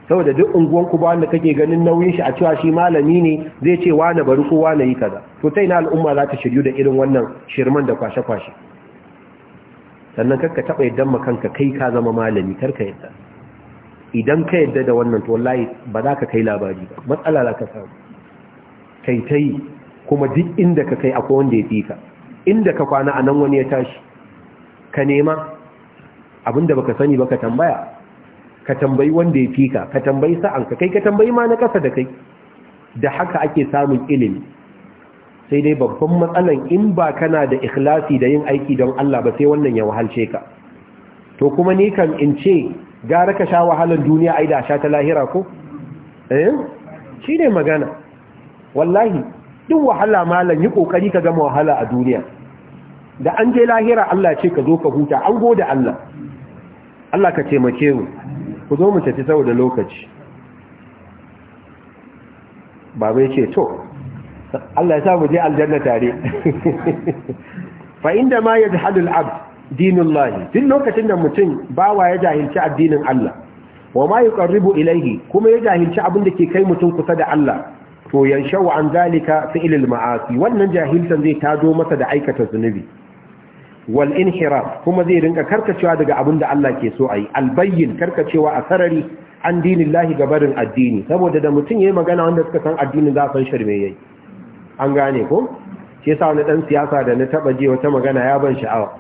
saboda duk unguwan ku ba kake ganin nauyin shi a cewa shi malami ne zai ce wa na bari kowa na yi kaza to sai ina al'umma za ta shiryu da irin wannan shirman da kwashe-kwashe sannan kakka taɓa yaddan kanka kai ka zama malami karka yadda idan ka yadda da wannan to wallahi ba za ka kai labari ba matsala za ka samu kai ta yi kuma duk inda ka kai akwai wanda ya fi ka inda ka kwana a nan wani ya tashi ka nema abinda baka sani ba ka tambaya ka tambayi wanda ya fi ka ka tambayi sa'an ka kai ka tambayi ma na kasa da kai da haka ake samun ilimi sai dai babban matsalan in ba kana da ikhlasi da yin aiki don Allah ba sai wannan ya wahalce ka to kuma ni kan in ce gara ka sha wahalar duniya a da sha ta lahira ko eh shi ne magana wallahi duk wahala malam yi kokari ka gama wahala a duniya da an je lahira Allah ce ka zo ka huta an gode Allah Allah ka taimake mu ku zo mu tafi saboda lokaci baba ce to Allah ya sa mu je aljanna tare [LAUGHS] fa inda ma yadhadu al-abd dinin lahi duk lokacin da mutum bawa ya jahilci addinin Allah wa ma yuqarribu ilayhi kuma ya jahilci abin da ke kai mutum kusa da Allah to yanshau an zalika fi'l al-ma'asi wannan jahiltan zai tado masa da aikata zunubi wal inhiraf kuma zai rinka karkacewa daga abin da Allah ke so ayi albayyin karkacewa a sarari an dinin lahi gabarin addini saboda da mutum yayi magana wanda suka san addinin za san sharme yayi an gane ko shi yasa wani dan siyasa da na taba je wata magana ya ban sha'awa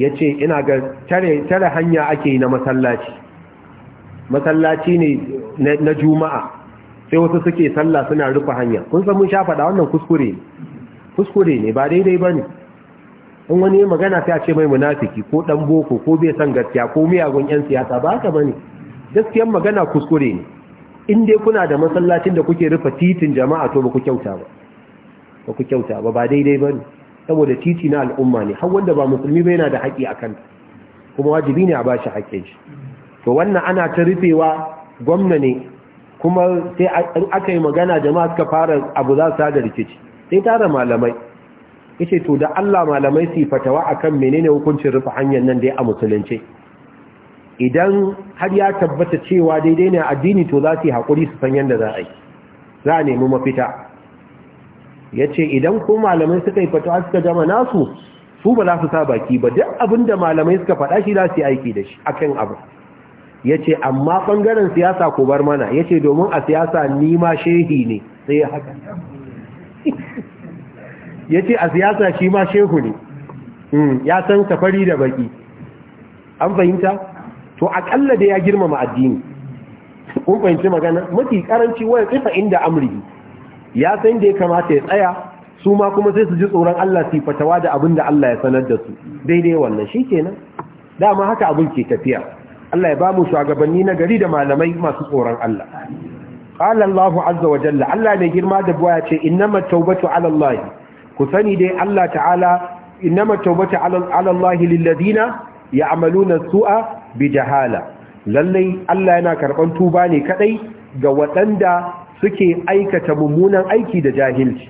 ya ce ina ga tare hanya ake na masallaci masallaci ne na juma'a sai wasu suke sallah suna rufe hanya kun san mun sha faɗa wannan kuskure kuskure ne ba daidai ba ne in wani ya magana sai a ce mai munafiki ko ɗan boko ko bai san gaskiya ko miyagun 'yan siyasa ba haka ba ne gaskiyan magana kuskure ne in dai kuna da masallacin da kuke rufe titin jama'a to ba ku kyauta ba ba ku kyauta ba ba daidai ba ne saboda titi na al'umma ne har wanda ba musulmi ba yana da haƙi a kanta kuma wajibi ne a ba shi haƙƙin shi to wannan ana ta rufewa gwamna ne kuma sai aka yi magana jama'a suka fara abu za su da rikici sai tara malamai yace to da Allah malamai su fatawa akan menene hukuncin rufe hanyar nan da a musulunci idan har ya tabbata cewa daidai ne addini to za su yi haƙuri su san yadda za a yi za a nemi mafita ya ce idan ko malamai suka yi fatuwa suka jama nasu su ba za su sa baki ba duk abin da malamai suka faɗa shi za su yi aiki da shi a kan abu ya ce amma ɓangaren siyasa ko bar mana ya ce domin a siyasa ni ma shehi ne sai ya haka [LAUGHS] ya ce a siyasa shi ma shehu ne hmm, ya san tafari da baki an fahimta to aƙalla da ya girmama addini kun fahimci magana mafi karanci wani tsifa inda amri ya san da ya kamata ya tsaya su ma kuma sai su ji tsoron Allah su fatawa da abin da Allah ya sanar da su daidai wannan shi kenan dama haka abin ke tafiya Allah ya ba mu shugabanni na gari da malamai masu tsoron Allah qala Allahu azza wa jalla Allah mai girma da buwa ya ce innamat tawbatu ala Allah ku sani dai Allah ta'ala innamat tawbatu ala Allah lil ladina ya'maluna su'a bi jahala lallai Allah yana karban tuba ne kadai ga waɗanda suke aikata mummunan aiki da jahilci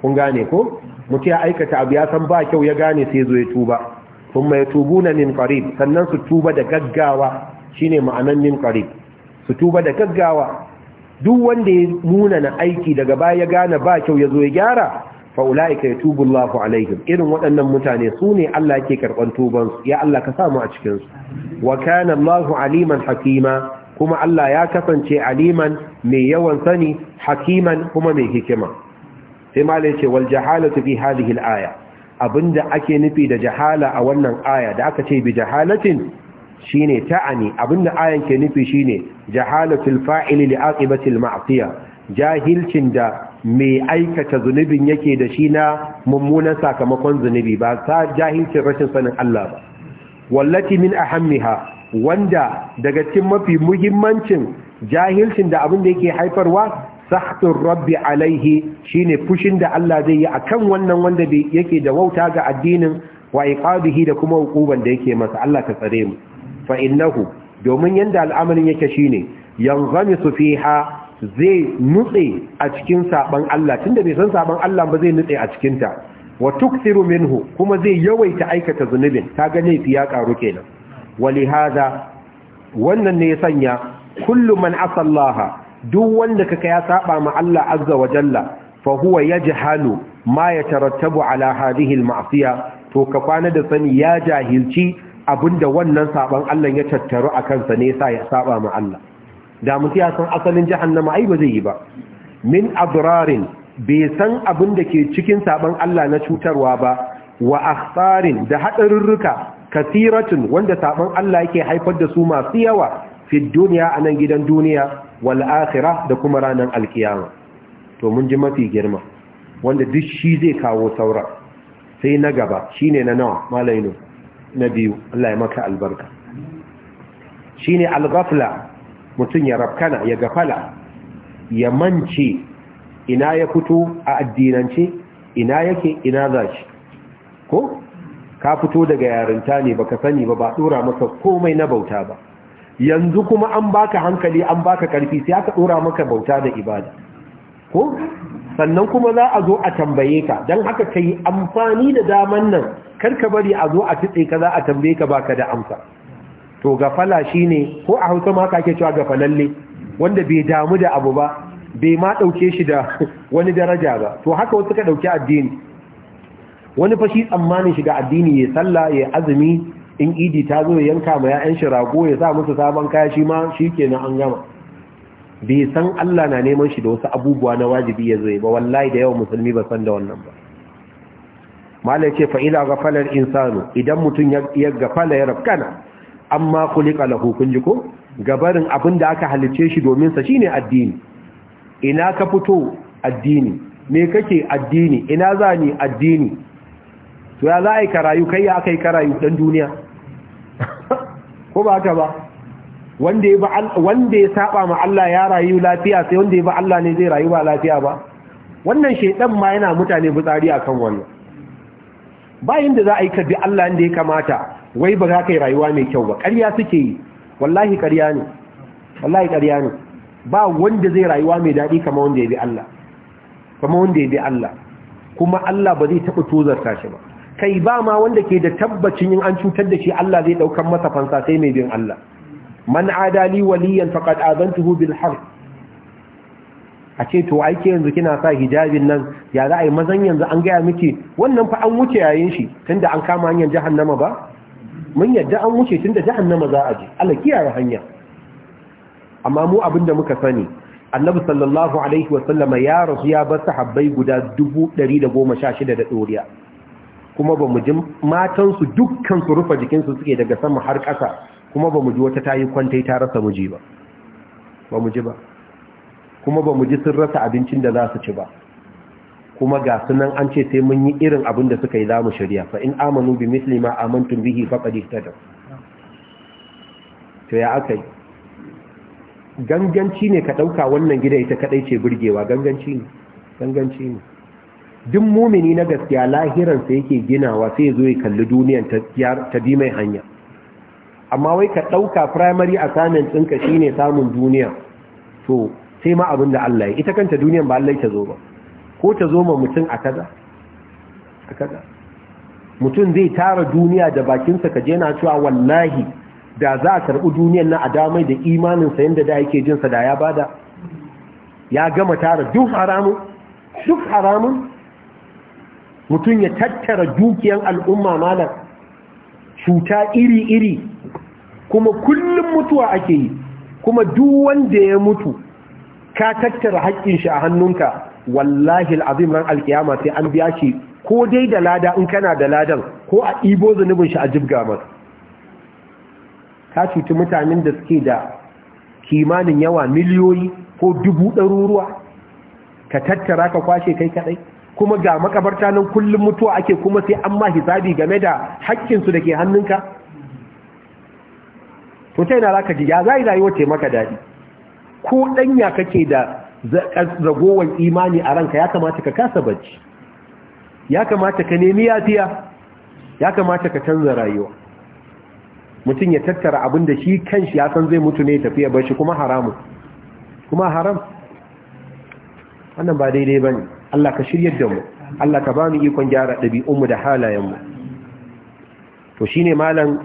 kun gane ko Mutu ya aikata abu ya san ba kyau ya gane sai zo ya tuba sun mai tubu na min karib sannan su tuba da gaggawa shine ma'anan min karib su tuba da gaggawa duk wanda ya munana aiki daga baya ya gane ba kyau ya zo ya gyara fa ulaika yatubu Allahu alaihim irin waɗannan mutane su ne Allah yake karɓar tubansu ya Allah ka samu a cikin su wa kana Allahu aliman hakima kuma Allah ya kasance aliman mai yawan sani hakiman kuma mai hikima sai malai ce wal jahalatu fi hadhihi al aya abinda ake nufi da jahala a wannan aya da aka ce bi jahalatin shine ta'ani abinda ayan ke nufi shine jahalatul fa'ili li aqibatil ma'siyah jahilcin da mai aikata zunubin yake da shi na mummunan sakamakon zunubi ba sa jahilcin rashin sanin Allah ba wallati min ahammiha wanda daga cikin mafi muhimmancin jahilcin da abin da yake haifarwa sahtun rabbi alaihi shine fushin da Allah zai yi akan wannan wanda yake da wauta ga addinin wa iqabihi da kuma hukuban da yake masa Allah ka tsare mu fa innahu domin yanda al'amarin yake shine yanghamisu fiha zai nutse a cikin saban Allah tunda bai san saban Allah ba zai nutse a cikin ta wa tukthiru minhu kuma zai yawaita aikata zunubin ta ga laifi ya karu kenan ولهذا wannan ne ya sanya kullum man asallaha duk wanda kaka ya saba ma Allah azza wa jalla fa huwa yajhalu ma yatarattabu ala hadhihi al-ma'siya to ka kwana da sani ya jahilci abinda wannan saban Allah ya tattaru akan sa ne sa ya saba ma Allah da mutum ya san asalin jahannama ai ba zai yi ba min abrarin bai san abin da ke cikin saban Allah na cutarwa ba wa akhsarin da hadarurruka kasiratun wanda saban Allah yake haifar da su masu yawa fi duniya a nan gidan duniya wal akhira da kuma ranar alkiyama to mun ji mafi girma wanda duk shi zai kawo saura sai na gaba shine na nawa malaino na biyu Allah ya maka albarka shine al-ghafla mutum ya rafkana ya gafala ya mance ina ya fito a addinance ina yake ina zashi ko ka fito daga yarinta ne baka sani ba ba dora maka komai na bauta ba yanzu kuma an baka hankali an baka karfi sai aka dora maka bauta da ibada ko sannan kuma za a zo a tambaye ka dan haka ka amfani da daman nan karka bari a zo a fitse ka za a tambaye ka baka da amsa to gafala shine ko a hausa ma kake cewa gafalalle wanda bai damu da abu ba bai ma dauke shi da [LAUGHS] wani daraja ba to haka wasu ka dauki addini wani fashi tsammanin shiga addini ya salla ya azumi in idi ta zo ya yanka ma ya'yan shi rago ya sa musu sabon kaya shi ma shi kenan an gama bai san Allah na neman shi da wasu abubuwa na wajibi ya zai ba wallahi da yawan musulmi ba san da wannan ba malai ce fa'ila ga falar insanu idan mutum ya gafala ya rafkana amma kulika lahu kun ji ko gabarin abin da aka halice shi domin sa shine addini ina ka fito addini me kake addini ina zani addini to ya za a yi karayu kai ya aka yi karayu dan duniya [LAUGHS] ko ba haka ba wanda ya saba ma Allah ya rayu lafiya sai wanda ya ba Allah ne zai rayu ba lafiya ba wannan shaidan ma yana mutane fitsari kan wannan bayan da za a yi karbi Allah inda ya kamata wai ba za ka yi rayuwa mai kyau ba ƙarya suke yi wallahi ƙarya ne wallahi ƙarya ne ba wanda zai rayuwa mai daɗi kama wanda ya bi Allah kama wanda ya bi Allah kuma Allah ba zai taɓa tozarta shi ba kai ba ma wanda ke da tabbacin yin an cutar da shi Allah zai daukan masa fansa sai mai bin Allah man adali waliyan faqad azantuhu bil harb a ce to ke yanzu kina sa hijabin nan ya za a yi mazan yanzu an gaya miki wannan fa an wuce yayin shi tunda an kama hanyar jahannama ba mun yadda an wuce tunda jahannama za a je Allah kiyaye hanya amma mu abinda muka sani annabi sallallahu alaihi wasallama ya rasu ya bar sahabbai guda 116 da doriya kuma ba mu ji matansu dukkan su rufe jikinsu suke daga sama har ƙasa kuma ba mu ji wata tayi kwantai ta rasa muji ba ba mu ji ba kuma ba mu ji sun rasa abincin da za su ci ba kuma ga sunan an ce sai mun yi irin abin da suka yi za mu shari'a fa in amanu bi misli ma amantum bihi faqad ihtada to ya akai ganganci ne ka dauka wannan gida ita kadai ce burgewa ganganci ne ganganci ne duk mumini na gaskiya lahiransa yake ginawa sai zo ya kalli duniyan ta bi mai hanya amma wai ka ɗauka primary assignment ɗinka shine samun duniya to sai ma abin Allah ya ita kanta duniyan ba Allah ta zo ba ko ta zo ma mutum a kaza a kaza mutum zai tara duniya da bakinsa ka je na cewa wallahi da za a karɓi duniyan na adamai da imaninsa yadda da yake jinsa da ya bada ya gama tara duk haramun duk haramun mutum ya tattara dukiyan al'umma malam cuta iri-iri kuma kullum mutuwa ake yi kuma duk wanda ya mutu ka tattara haƙƙin shi a hannunka wallahi al'azim ran alƙiyama sai an biya shi ko dai da lada in kana da ladan ko a ibo zunubin shi a jibga masa ka cuti mutanen da suke da kimanin yawa miliyoyi ko dubu ɗaruruwa ka tattara ka kwashe kai kaɗai kuma ga makabarta nan kullum mutuwa ake kuma sai an ma hisabi game da haƙƙinsu da ke hannunka to ta yana zaka ji ya za yi rayuwa ce maka daɗi ko ɗanya kake da zagowar imani a ranka ya kamata ka kasa bacci ya kamata ka nemi yafiya ya kamata ka canza rayuwa mutum ya tattara abin da shi kanshi ya san zai mutu ne tafiya bar shi kuma haramun kuma haram wannan ba daidai ba ne Allah ka shiryar da mu Allah ka bani mu ikon gyara ɗabi'unmu da halayenmu to shine malam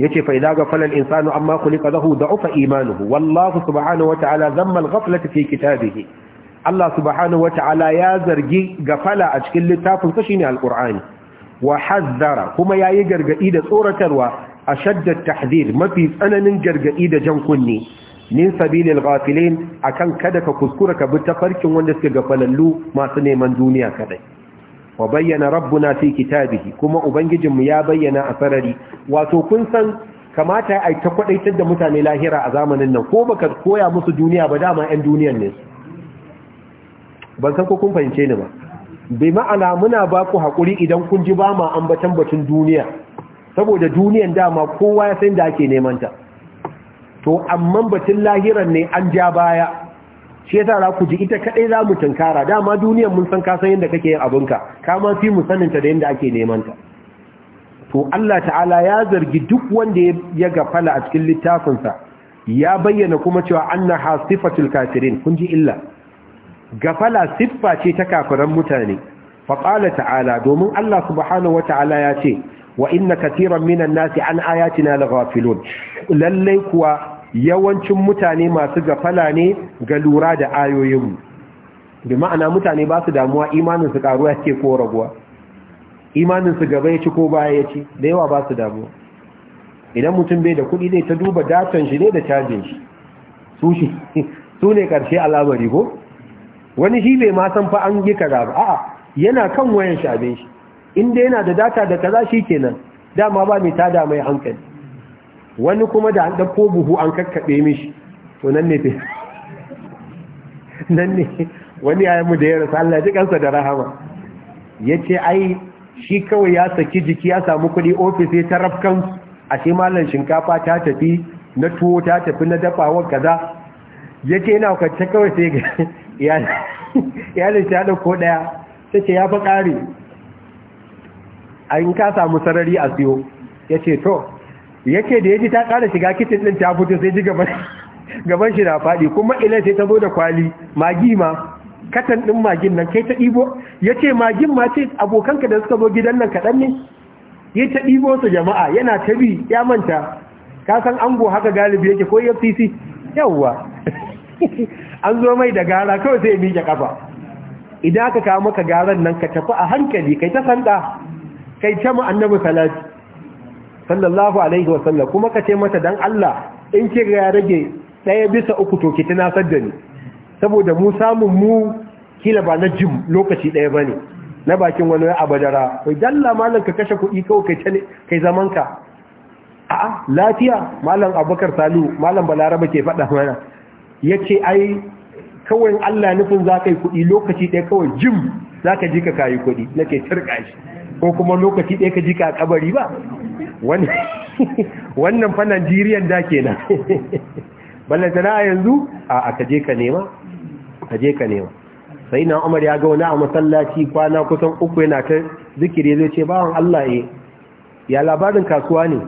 yace fa idza ghafala al-insanu amma khuliqa lahu da'ufa imanuhu wallahu subhanahu wa ta'ala zamma al-ghaflata fi kitabihi Allah subhanahu wa ta'ala ya zargi fala a cikin littafin sa shine al-Qur'ani wa hazzara kuma yayi gargadi da tsoratarwa ashadda at-tahdhir mafi tsananin gargadi da jan kunni min sabilil ghafilin akan kada ka kuskura ka bi tafarkin wanda suke gafalallu masu neman duniya kadai wa bayyana rabbuna fi kitabihi kuma ubangijin mu ya bayyana a sarari wato kun san kamata ai ta kwadaitar da mutane lahira a zamanin nan ko baka koya musu duniya ba dama yan duniyan ne ban san ko kun fahimce ni ba bai ma'ana muna ba ku haƙuri idan kun ji ba ma ambatan batun duniya saboda duniyan dama kowa ya san da ake neman ta to amma batun lahiran ne an ja baya shi yasa za ku ji ita kadai za mu tunkara dama duniyar mun san kasan yadda kake yin abinka ka ma fi mu saninta da yadda ake neman ta to Allah ta'ala ya zargi duk wanda ya gafala a cikin littafinsa ya bayyana kuma cewa annaha sifatul kafirin kun ji illa gafala siffa ce ta kafiran mutane fa qala ta'ala domin Allah subhanahu wata'ala ya ce wa inna katiran minan nasi an ayatina laghafilun lallai kuwa yawancin mutane masu gafala ne ga lura da ayoyinmu bi ma'ana mutane ba su damuwa imaninsu karuwa yake ko raguwa imaninsu gaba ya ci ko baya ya ci da yawa ba su damuwa idan mutum bai da kuɗi zai ta duba datan shi ne da cajin shi su [LAUGHS] ne ƙarshe alamari ko wani shi bai ma san fa an yi kaza ba a'a yana kan wayan shi abin shi inda yana da data da kaza shi kenan dama ba mai tada mai hankali wani kuma da an ɗauko buhu an kakkaɓe mishi to nan ne nan ne wani yayanmu da ya rasu Allah ji kansa da rahama ya ce ai shi kawai ya saki jiki ya samu kuɗi ofis ya ta a ashe malam shinkafa ta tafi na tuwo ta tafi na dafawa kaza ya ce yana kwance kawai sai ga iyalin Ya ɗauko ɗaya ta ce ya fi ƙari a in ka samu sarari a siyo ya ce to yace da yaji ta ƙara shiga kitchen din ta fito sai ji gaban shi na faɗi kuma ilai sai ta zo da kwali magi ma katan ɗin magin nan kai ta ɗibo yace magin ma ce abokanka da suka zo gidan nan kaɗan ne ya ta ɗibo su jama'a yana ta bi ya manta ka san ango haka galibi yake ko e FCC yawwa [LAUGHS] an zo mai da gara kawai sai miƙe kafa idan aka kawo maka garan nan ka tafi a hankali kai ta sanda kai ta mu annabi salati sallallahu alaihi wa sallam kuma ka ce mata dan Allah in ki ga ya rage daya bisa uku to ki tunasar da ni saboda mu samun mu kila ba na jim lokaci daya bane na bakin wani abadara kai dalla malam ka kashe kuɗi kawai kai kai zaman ka a'a lafiya malam Abubakar Salu malam Balaraba ke faɗa mana yace ai kawai Allah nufin za ka yi kuɗi lokaci ɗaya kawai jim zaka ji ka kayi kuɗi nake tirka shi ko kuma lokaci ɗaya ka ji ka kabari ba wannan fa Najeriya da kenan ballan sana yanzu a ka ka nema ka ka nema sai na Umar ya ga wani a masallaci kwana kusan uku yana ta zikiri zai ce bawan Allah eh ya labarin kasuwa ne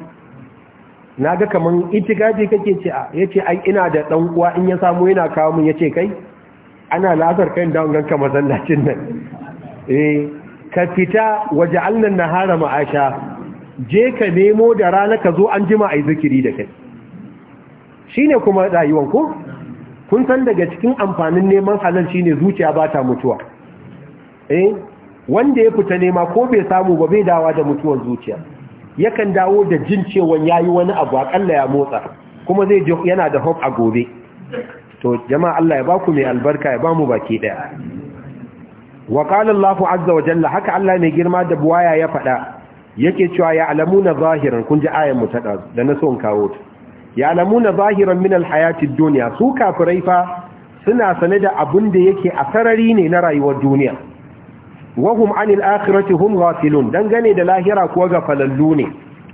na ga kaman itigaji kake ce a yace ai ina da dan uwa in ya samu yana kawo mun yace kai ana lazar kai da ganka masallacin nan eh ka fita waje allan na hara ma'asha je ka nemo da rana ka zo an jima a yi zikiri da kai shi ne kuma rayuwan ko kun san daga cikin amfanin neman halarci shi ne zuciya ba ta mutuwa eh wanda ya fita nema ko bai samu ba bai dawa da mutuwar zuciya yakan dawo da jin cewa ya yi wani abu akalla ya motsa kuma zai yana da hope a gobe to jama'a Allah ya baku mai albarka ya bamu baki daya wa qala Allahu azza wa jalla haka Allah mai girma da buwaya ya faɗa yake cewa ya alamuna zahiran kun ji ayan mu ta da na son kawo ta ya alamuna zahiran min alhayati dunya su kafirai fa suna sane da abin da yake a sarari ne na rayuwar duniya wahum anil akhirati hum ghafilun dangane da lahira ko ga falallu ne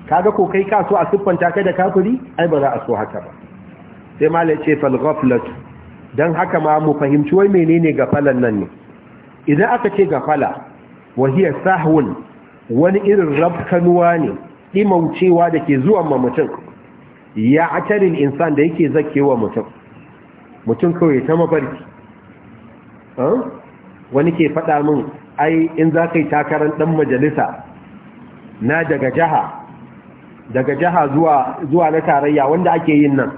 kaga ko kai ka so a siffanta ka da kafiri ai ba za a so haka ba sai malai ce fal ghaflatu dan haka ma mu fahimci wai menene ga nan ne idan aka ce gafala wahiyar sahun wani irin rabkanuwa ne imaucewa da ke zuwan ma mutum ya atarin insan da yake zakewa mutum mutum kawai ta mafarki wani ke faɗa min ai in za ka yi takarar ɗan majalisa na daga jaha daga jaha zuwa na tarayya wanda ake yin nan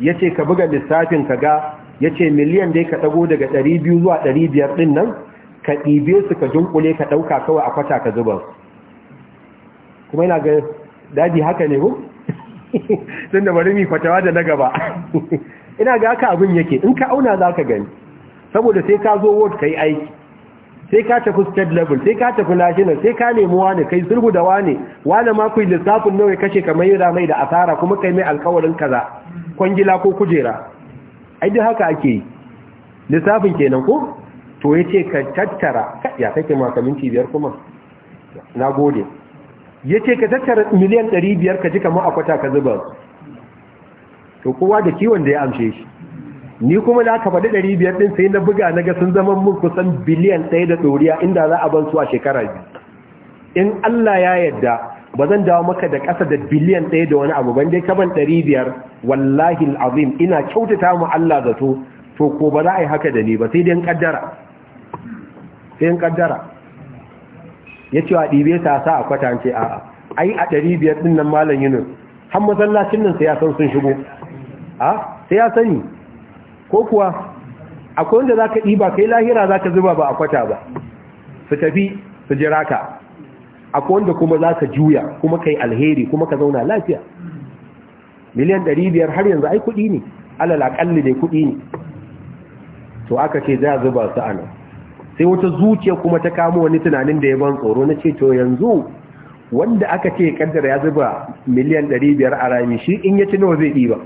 ya ce ka buga lissafin ka ga ya ce miliyan dai ka ɗago daga 200 zuwa 500 ɗin nan ka ɗibe su ka jinkule ka ɗauka kawai a kwata ka zuba kuma yana ga daji haka ne hu? sun da bari mi fatawa da na gaba [LAUGHS] ina ga haka abin yake in ka auna za ka gani saboda sai ka zo ward ka yi aiki sai ka tafi state level sai ka tafi national sai ka nemi wani kai sulhu da wani wani ma ku lissafin nawa kashe kamar yi ramai da asara kuma kai mai alkawarin kaza kwangila ko kujera ai duk haka ake yi lissafin kenan ko to ya ce ka tattara ya kake makaminci minti biyar kuma na gode ya ce ka tattara miliyan ɗari biyar ka ji kamar akwata ka zuba to kowa da kiwon da ya amshe shi ni kuma da aka faɗi ɗari biyar ɗin sai na buga na ga sun zama mun kusan biliyan ɗaya da ɗoriya inda za a ban su a shekara biyu in Allah ya yarda ba zan dawo maka da ƙasa da biliyan ɗaya da wani abu ban dai kaban ɗari biyar wallahi azim ina kyautata mu Allah zato to ko ba za a yi haka da ni ba sai dai kaddara sai in kaddara ya ce ɗibe ta sa a kwata ce a ai a ɗari biyar ɗin nan malam yunus har masallacin nan sai ya san sun shigo a sai ya sani ko kuwa akwai wanda za ka ɗiba kai lahira za ka zuba ba a kwata ba su tafi su jira ka akwai wanda kuma za ka juya kuma ka yi alheri kuma ka zauna lafiya miliyan ɗari har yanzu ai kuɗi ne alal dai kuɗi ne to aka ce za a zuba su a sai wata zuciya kuma ta kamo wani tunanin da ya ban tsoro na ce to yanzu wanda aka ce kaddara ya zuba miliyan 500 a rami shi in ya ci nawa zai ɗiba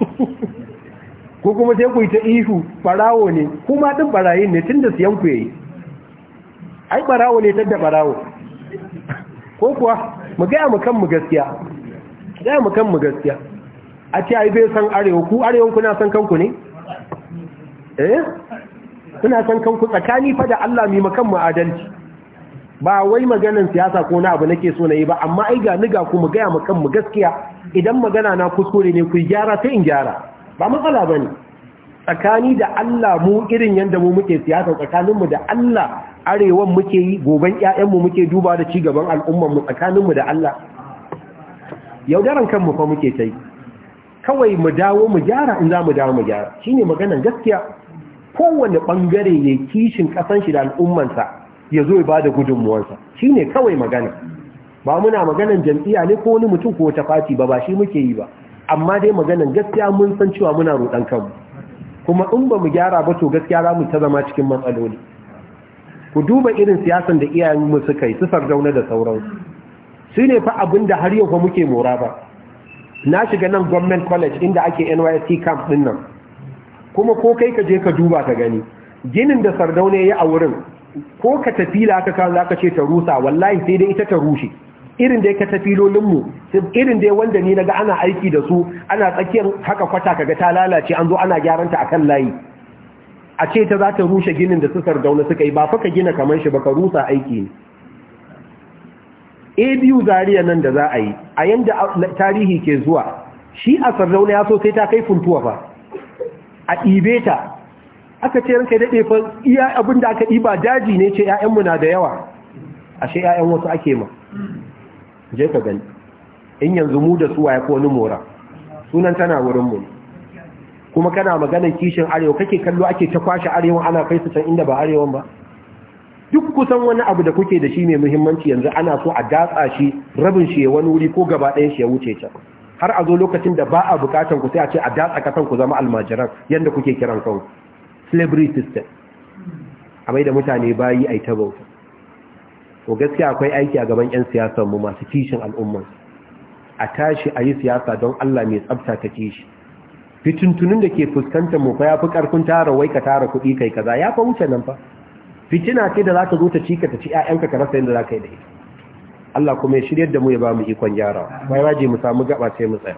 [LAUGHS] ko kuma sai ku yi ta ihu barawo ne kuma ɗin barayin ne tunda da siyan ku yi. ai barawo ne tadda barawo ko kuwa mu gaya mu kanmu gaskiya gaya mu kanmu gaskiya a ce ai bai san arewa ku arewan kuna san kanku ne eh kuna san kanku tsakani fa da Allah mai makan mu adalci ba wai maganan siyasa ko na abu nake so na yi ba amma ai ga niga ku mu gaya mu kanmu gaskiya idan magana na kuskure ne ku gyara sai in gyara ba matsala bane tsakani da Allah mu irin yanda mu muke siyasa tsakaninmu da Allah arewan muke yi goben ƴaƴanmu muke duba da cigaban tsakanin mu da Allah yaudaran kanmu fa muke ta yi kawai mu dawo mu gyara in za mu dawo mu gyara shine maganar gaskiya kowane bangare ne kishin ƙasan shi da al'ummansa ya zo ya bada gudunmuwar sa shine kawai magana ba muna maganan jam'iyya ne ko wani mutum ko wata fati ba ba shi muke yi ba amma dai maganan gaskiya mun san cewa muna rodan kanmu kuma in ba mu gyara ba to gaskiya za mu ta zama cikin matsaloli ku duba irin siyasan da iyayen mu suka yi su sardauna da sauransu su ne fa abin da har yau fa muke mora ba na shiga nan government college inda ake NYSC camp din nan kuma ko kai ka je ka duba ka gani ginin da sardauna ya a wurin ko ka tafi la ka kan zaka ce ta rusa wallahi sai dai ita ta rushe irin da ya lolin mu irin da wanda ni naga ana aiki da su ana tsakiyar haka kwata kaga ta lalace an zo ana gyaranta akan layi a ce ta za ta rushe ginin da su sardauna suka yi ba fa gina kamar shi ba ka rusa aiki ne a biyu zariya nan da za a yi a yadda tarihi ke zuwa shi a sardauna ya so sai ta kai funtuwa ba. a ɗibe ta aka ce ranka daɗe fa iya abin da aka ɗiba daji ne ce 'ya'yanmu na da yawa ashe 'ya'yan wasu ake ma je ka gani in yanzu mu da suwa ya ko ni mora sunan tana wurin mu kuma kana maganar kishin arewa kake kallo ake ta kwashe arewa ana kai su can inda ba arewa ba duk kusan wani abu da kuke da shi mai muhimmanci yanzu ana so a datsa shi rabin shi ya wani wuri ko gaba ɗaya shi ya wuce can har a zo lokacin da ba a bukatan ku sai a ce a datsa kasan ku zama almajiran yanda kuke kiran kan slavery system a mai da mutane bayi a yi ta bauta ko gaskiya akwai aiki a gaban 'yan siyasar mu masu kishin al'umma a tashi a yi siyasa don Allah mai tsabta ta kishi fitintunin da ke fuskantar mu fa ya fi karfin tara wai ka tara kuɗi kai kaza ya fa wuce nan fa fitina ce da za ka zo ta cika ta ci ƴaƴanka ka rasa yadda za ka yi da ita Allah kuma ya shiryar da mu ya ba mu ikon gyara, wai waje mu samu gaba sai mu tsaya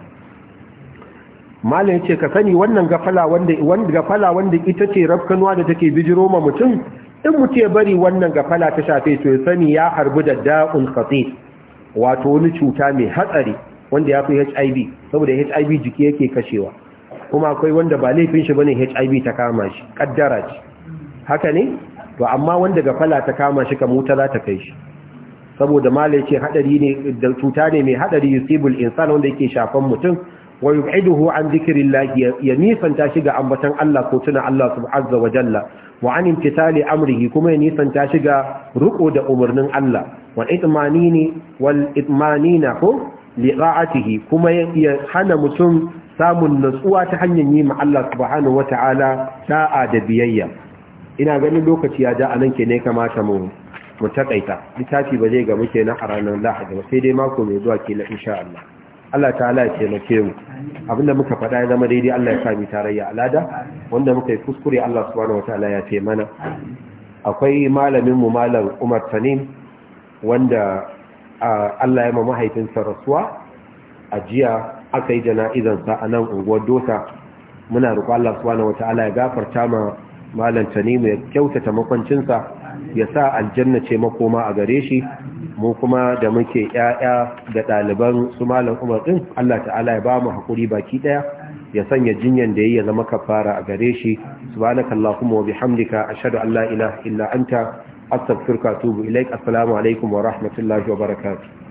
malam yace ka sani wannan gafala wanda wanda gafala wanda ita ce rafkanuwa da take bijiro ma mutum in mutum ya bari wannan gafala ta shafe to ya sani ya harbi da da'un khatih wato wani cuta mai hatsari wanda ya fi HIV saboda HIV jiki yake kashewa kuma akwai wanda ba laifin shi bane HIV ta kama shi kaddara ce haka ne to amma wanda gafala ta kama shi kamar wuta za ta kai shi saboda malai ce hadari ne da cuta ne mai hadari yusibul insan wanda yake shafan mutum wa yub'iduhu an dhikrillah ya nisanta shi ga ambatan Allah ko tuna Allah subhanahu wa jalla wa an imtithali amrihi kuma ya nisanta shi ga ruko da umarnin Allah wal itmanini wal itmanina ko liqa'atihi kuma ya hana mutum samun natsuwa ta hanyar yi ma Allah subhanahu wata'ala da'a da biyayya ina ganin lokaci ya ja anan ke ne kamata mu mu takaita littafi ba zai ga muke na a ranar lahadi ba sai dai mako mai zuwa ke na insha Allah Allah ta'ala ya ke mu abinda muka faɗa ya zama daidai Allah ya sa mu tarayya alada wanda muka yi kuskure Allah subhanahu wata'ala ya ce mana akwai malamin mu malam Umar Tanim wanda ah, Allah ya ma mahaifinsa rasuwa a jiya aka yi jana'izansa a nan unguwar dosa muna roƙo Allah subhanahu wata'ala ya gafarta ma malam Tanimu ya kyautata makwancinsa ya sa aljanna ce makoma a gare shi mu kuma da muke ƴaƴa da ɗaliban su malam Umar din Allah ta'ala ya ba mu hakuri baki daya ya sanya jinyan da yayi ya zama kafara a gare shi subhanakallahumma wa bihamdika ashhadu an la ilaha illa anta astaghfiruka wa atubu ilaik assalamu alaikum wa rahmatullahi wa barakatuh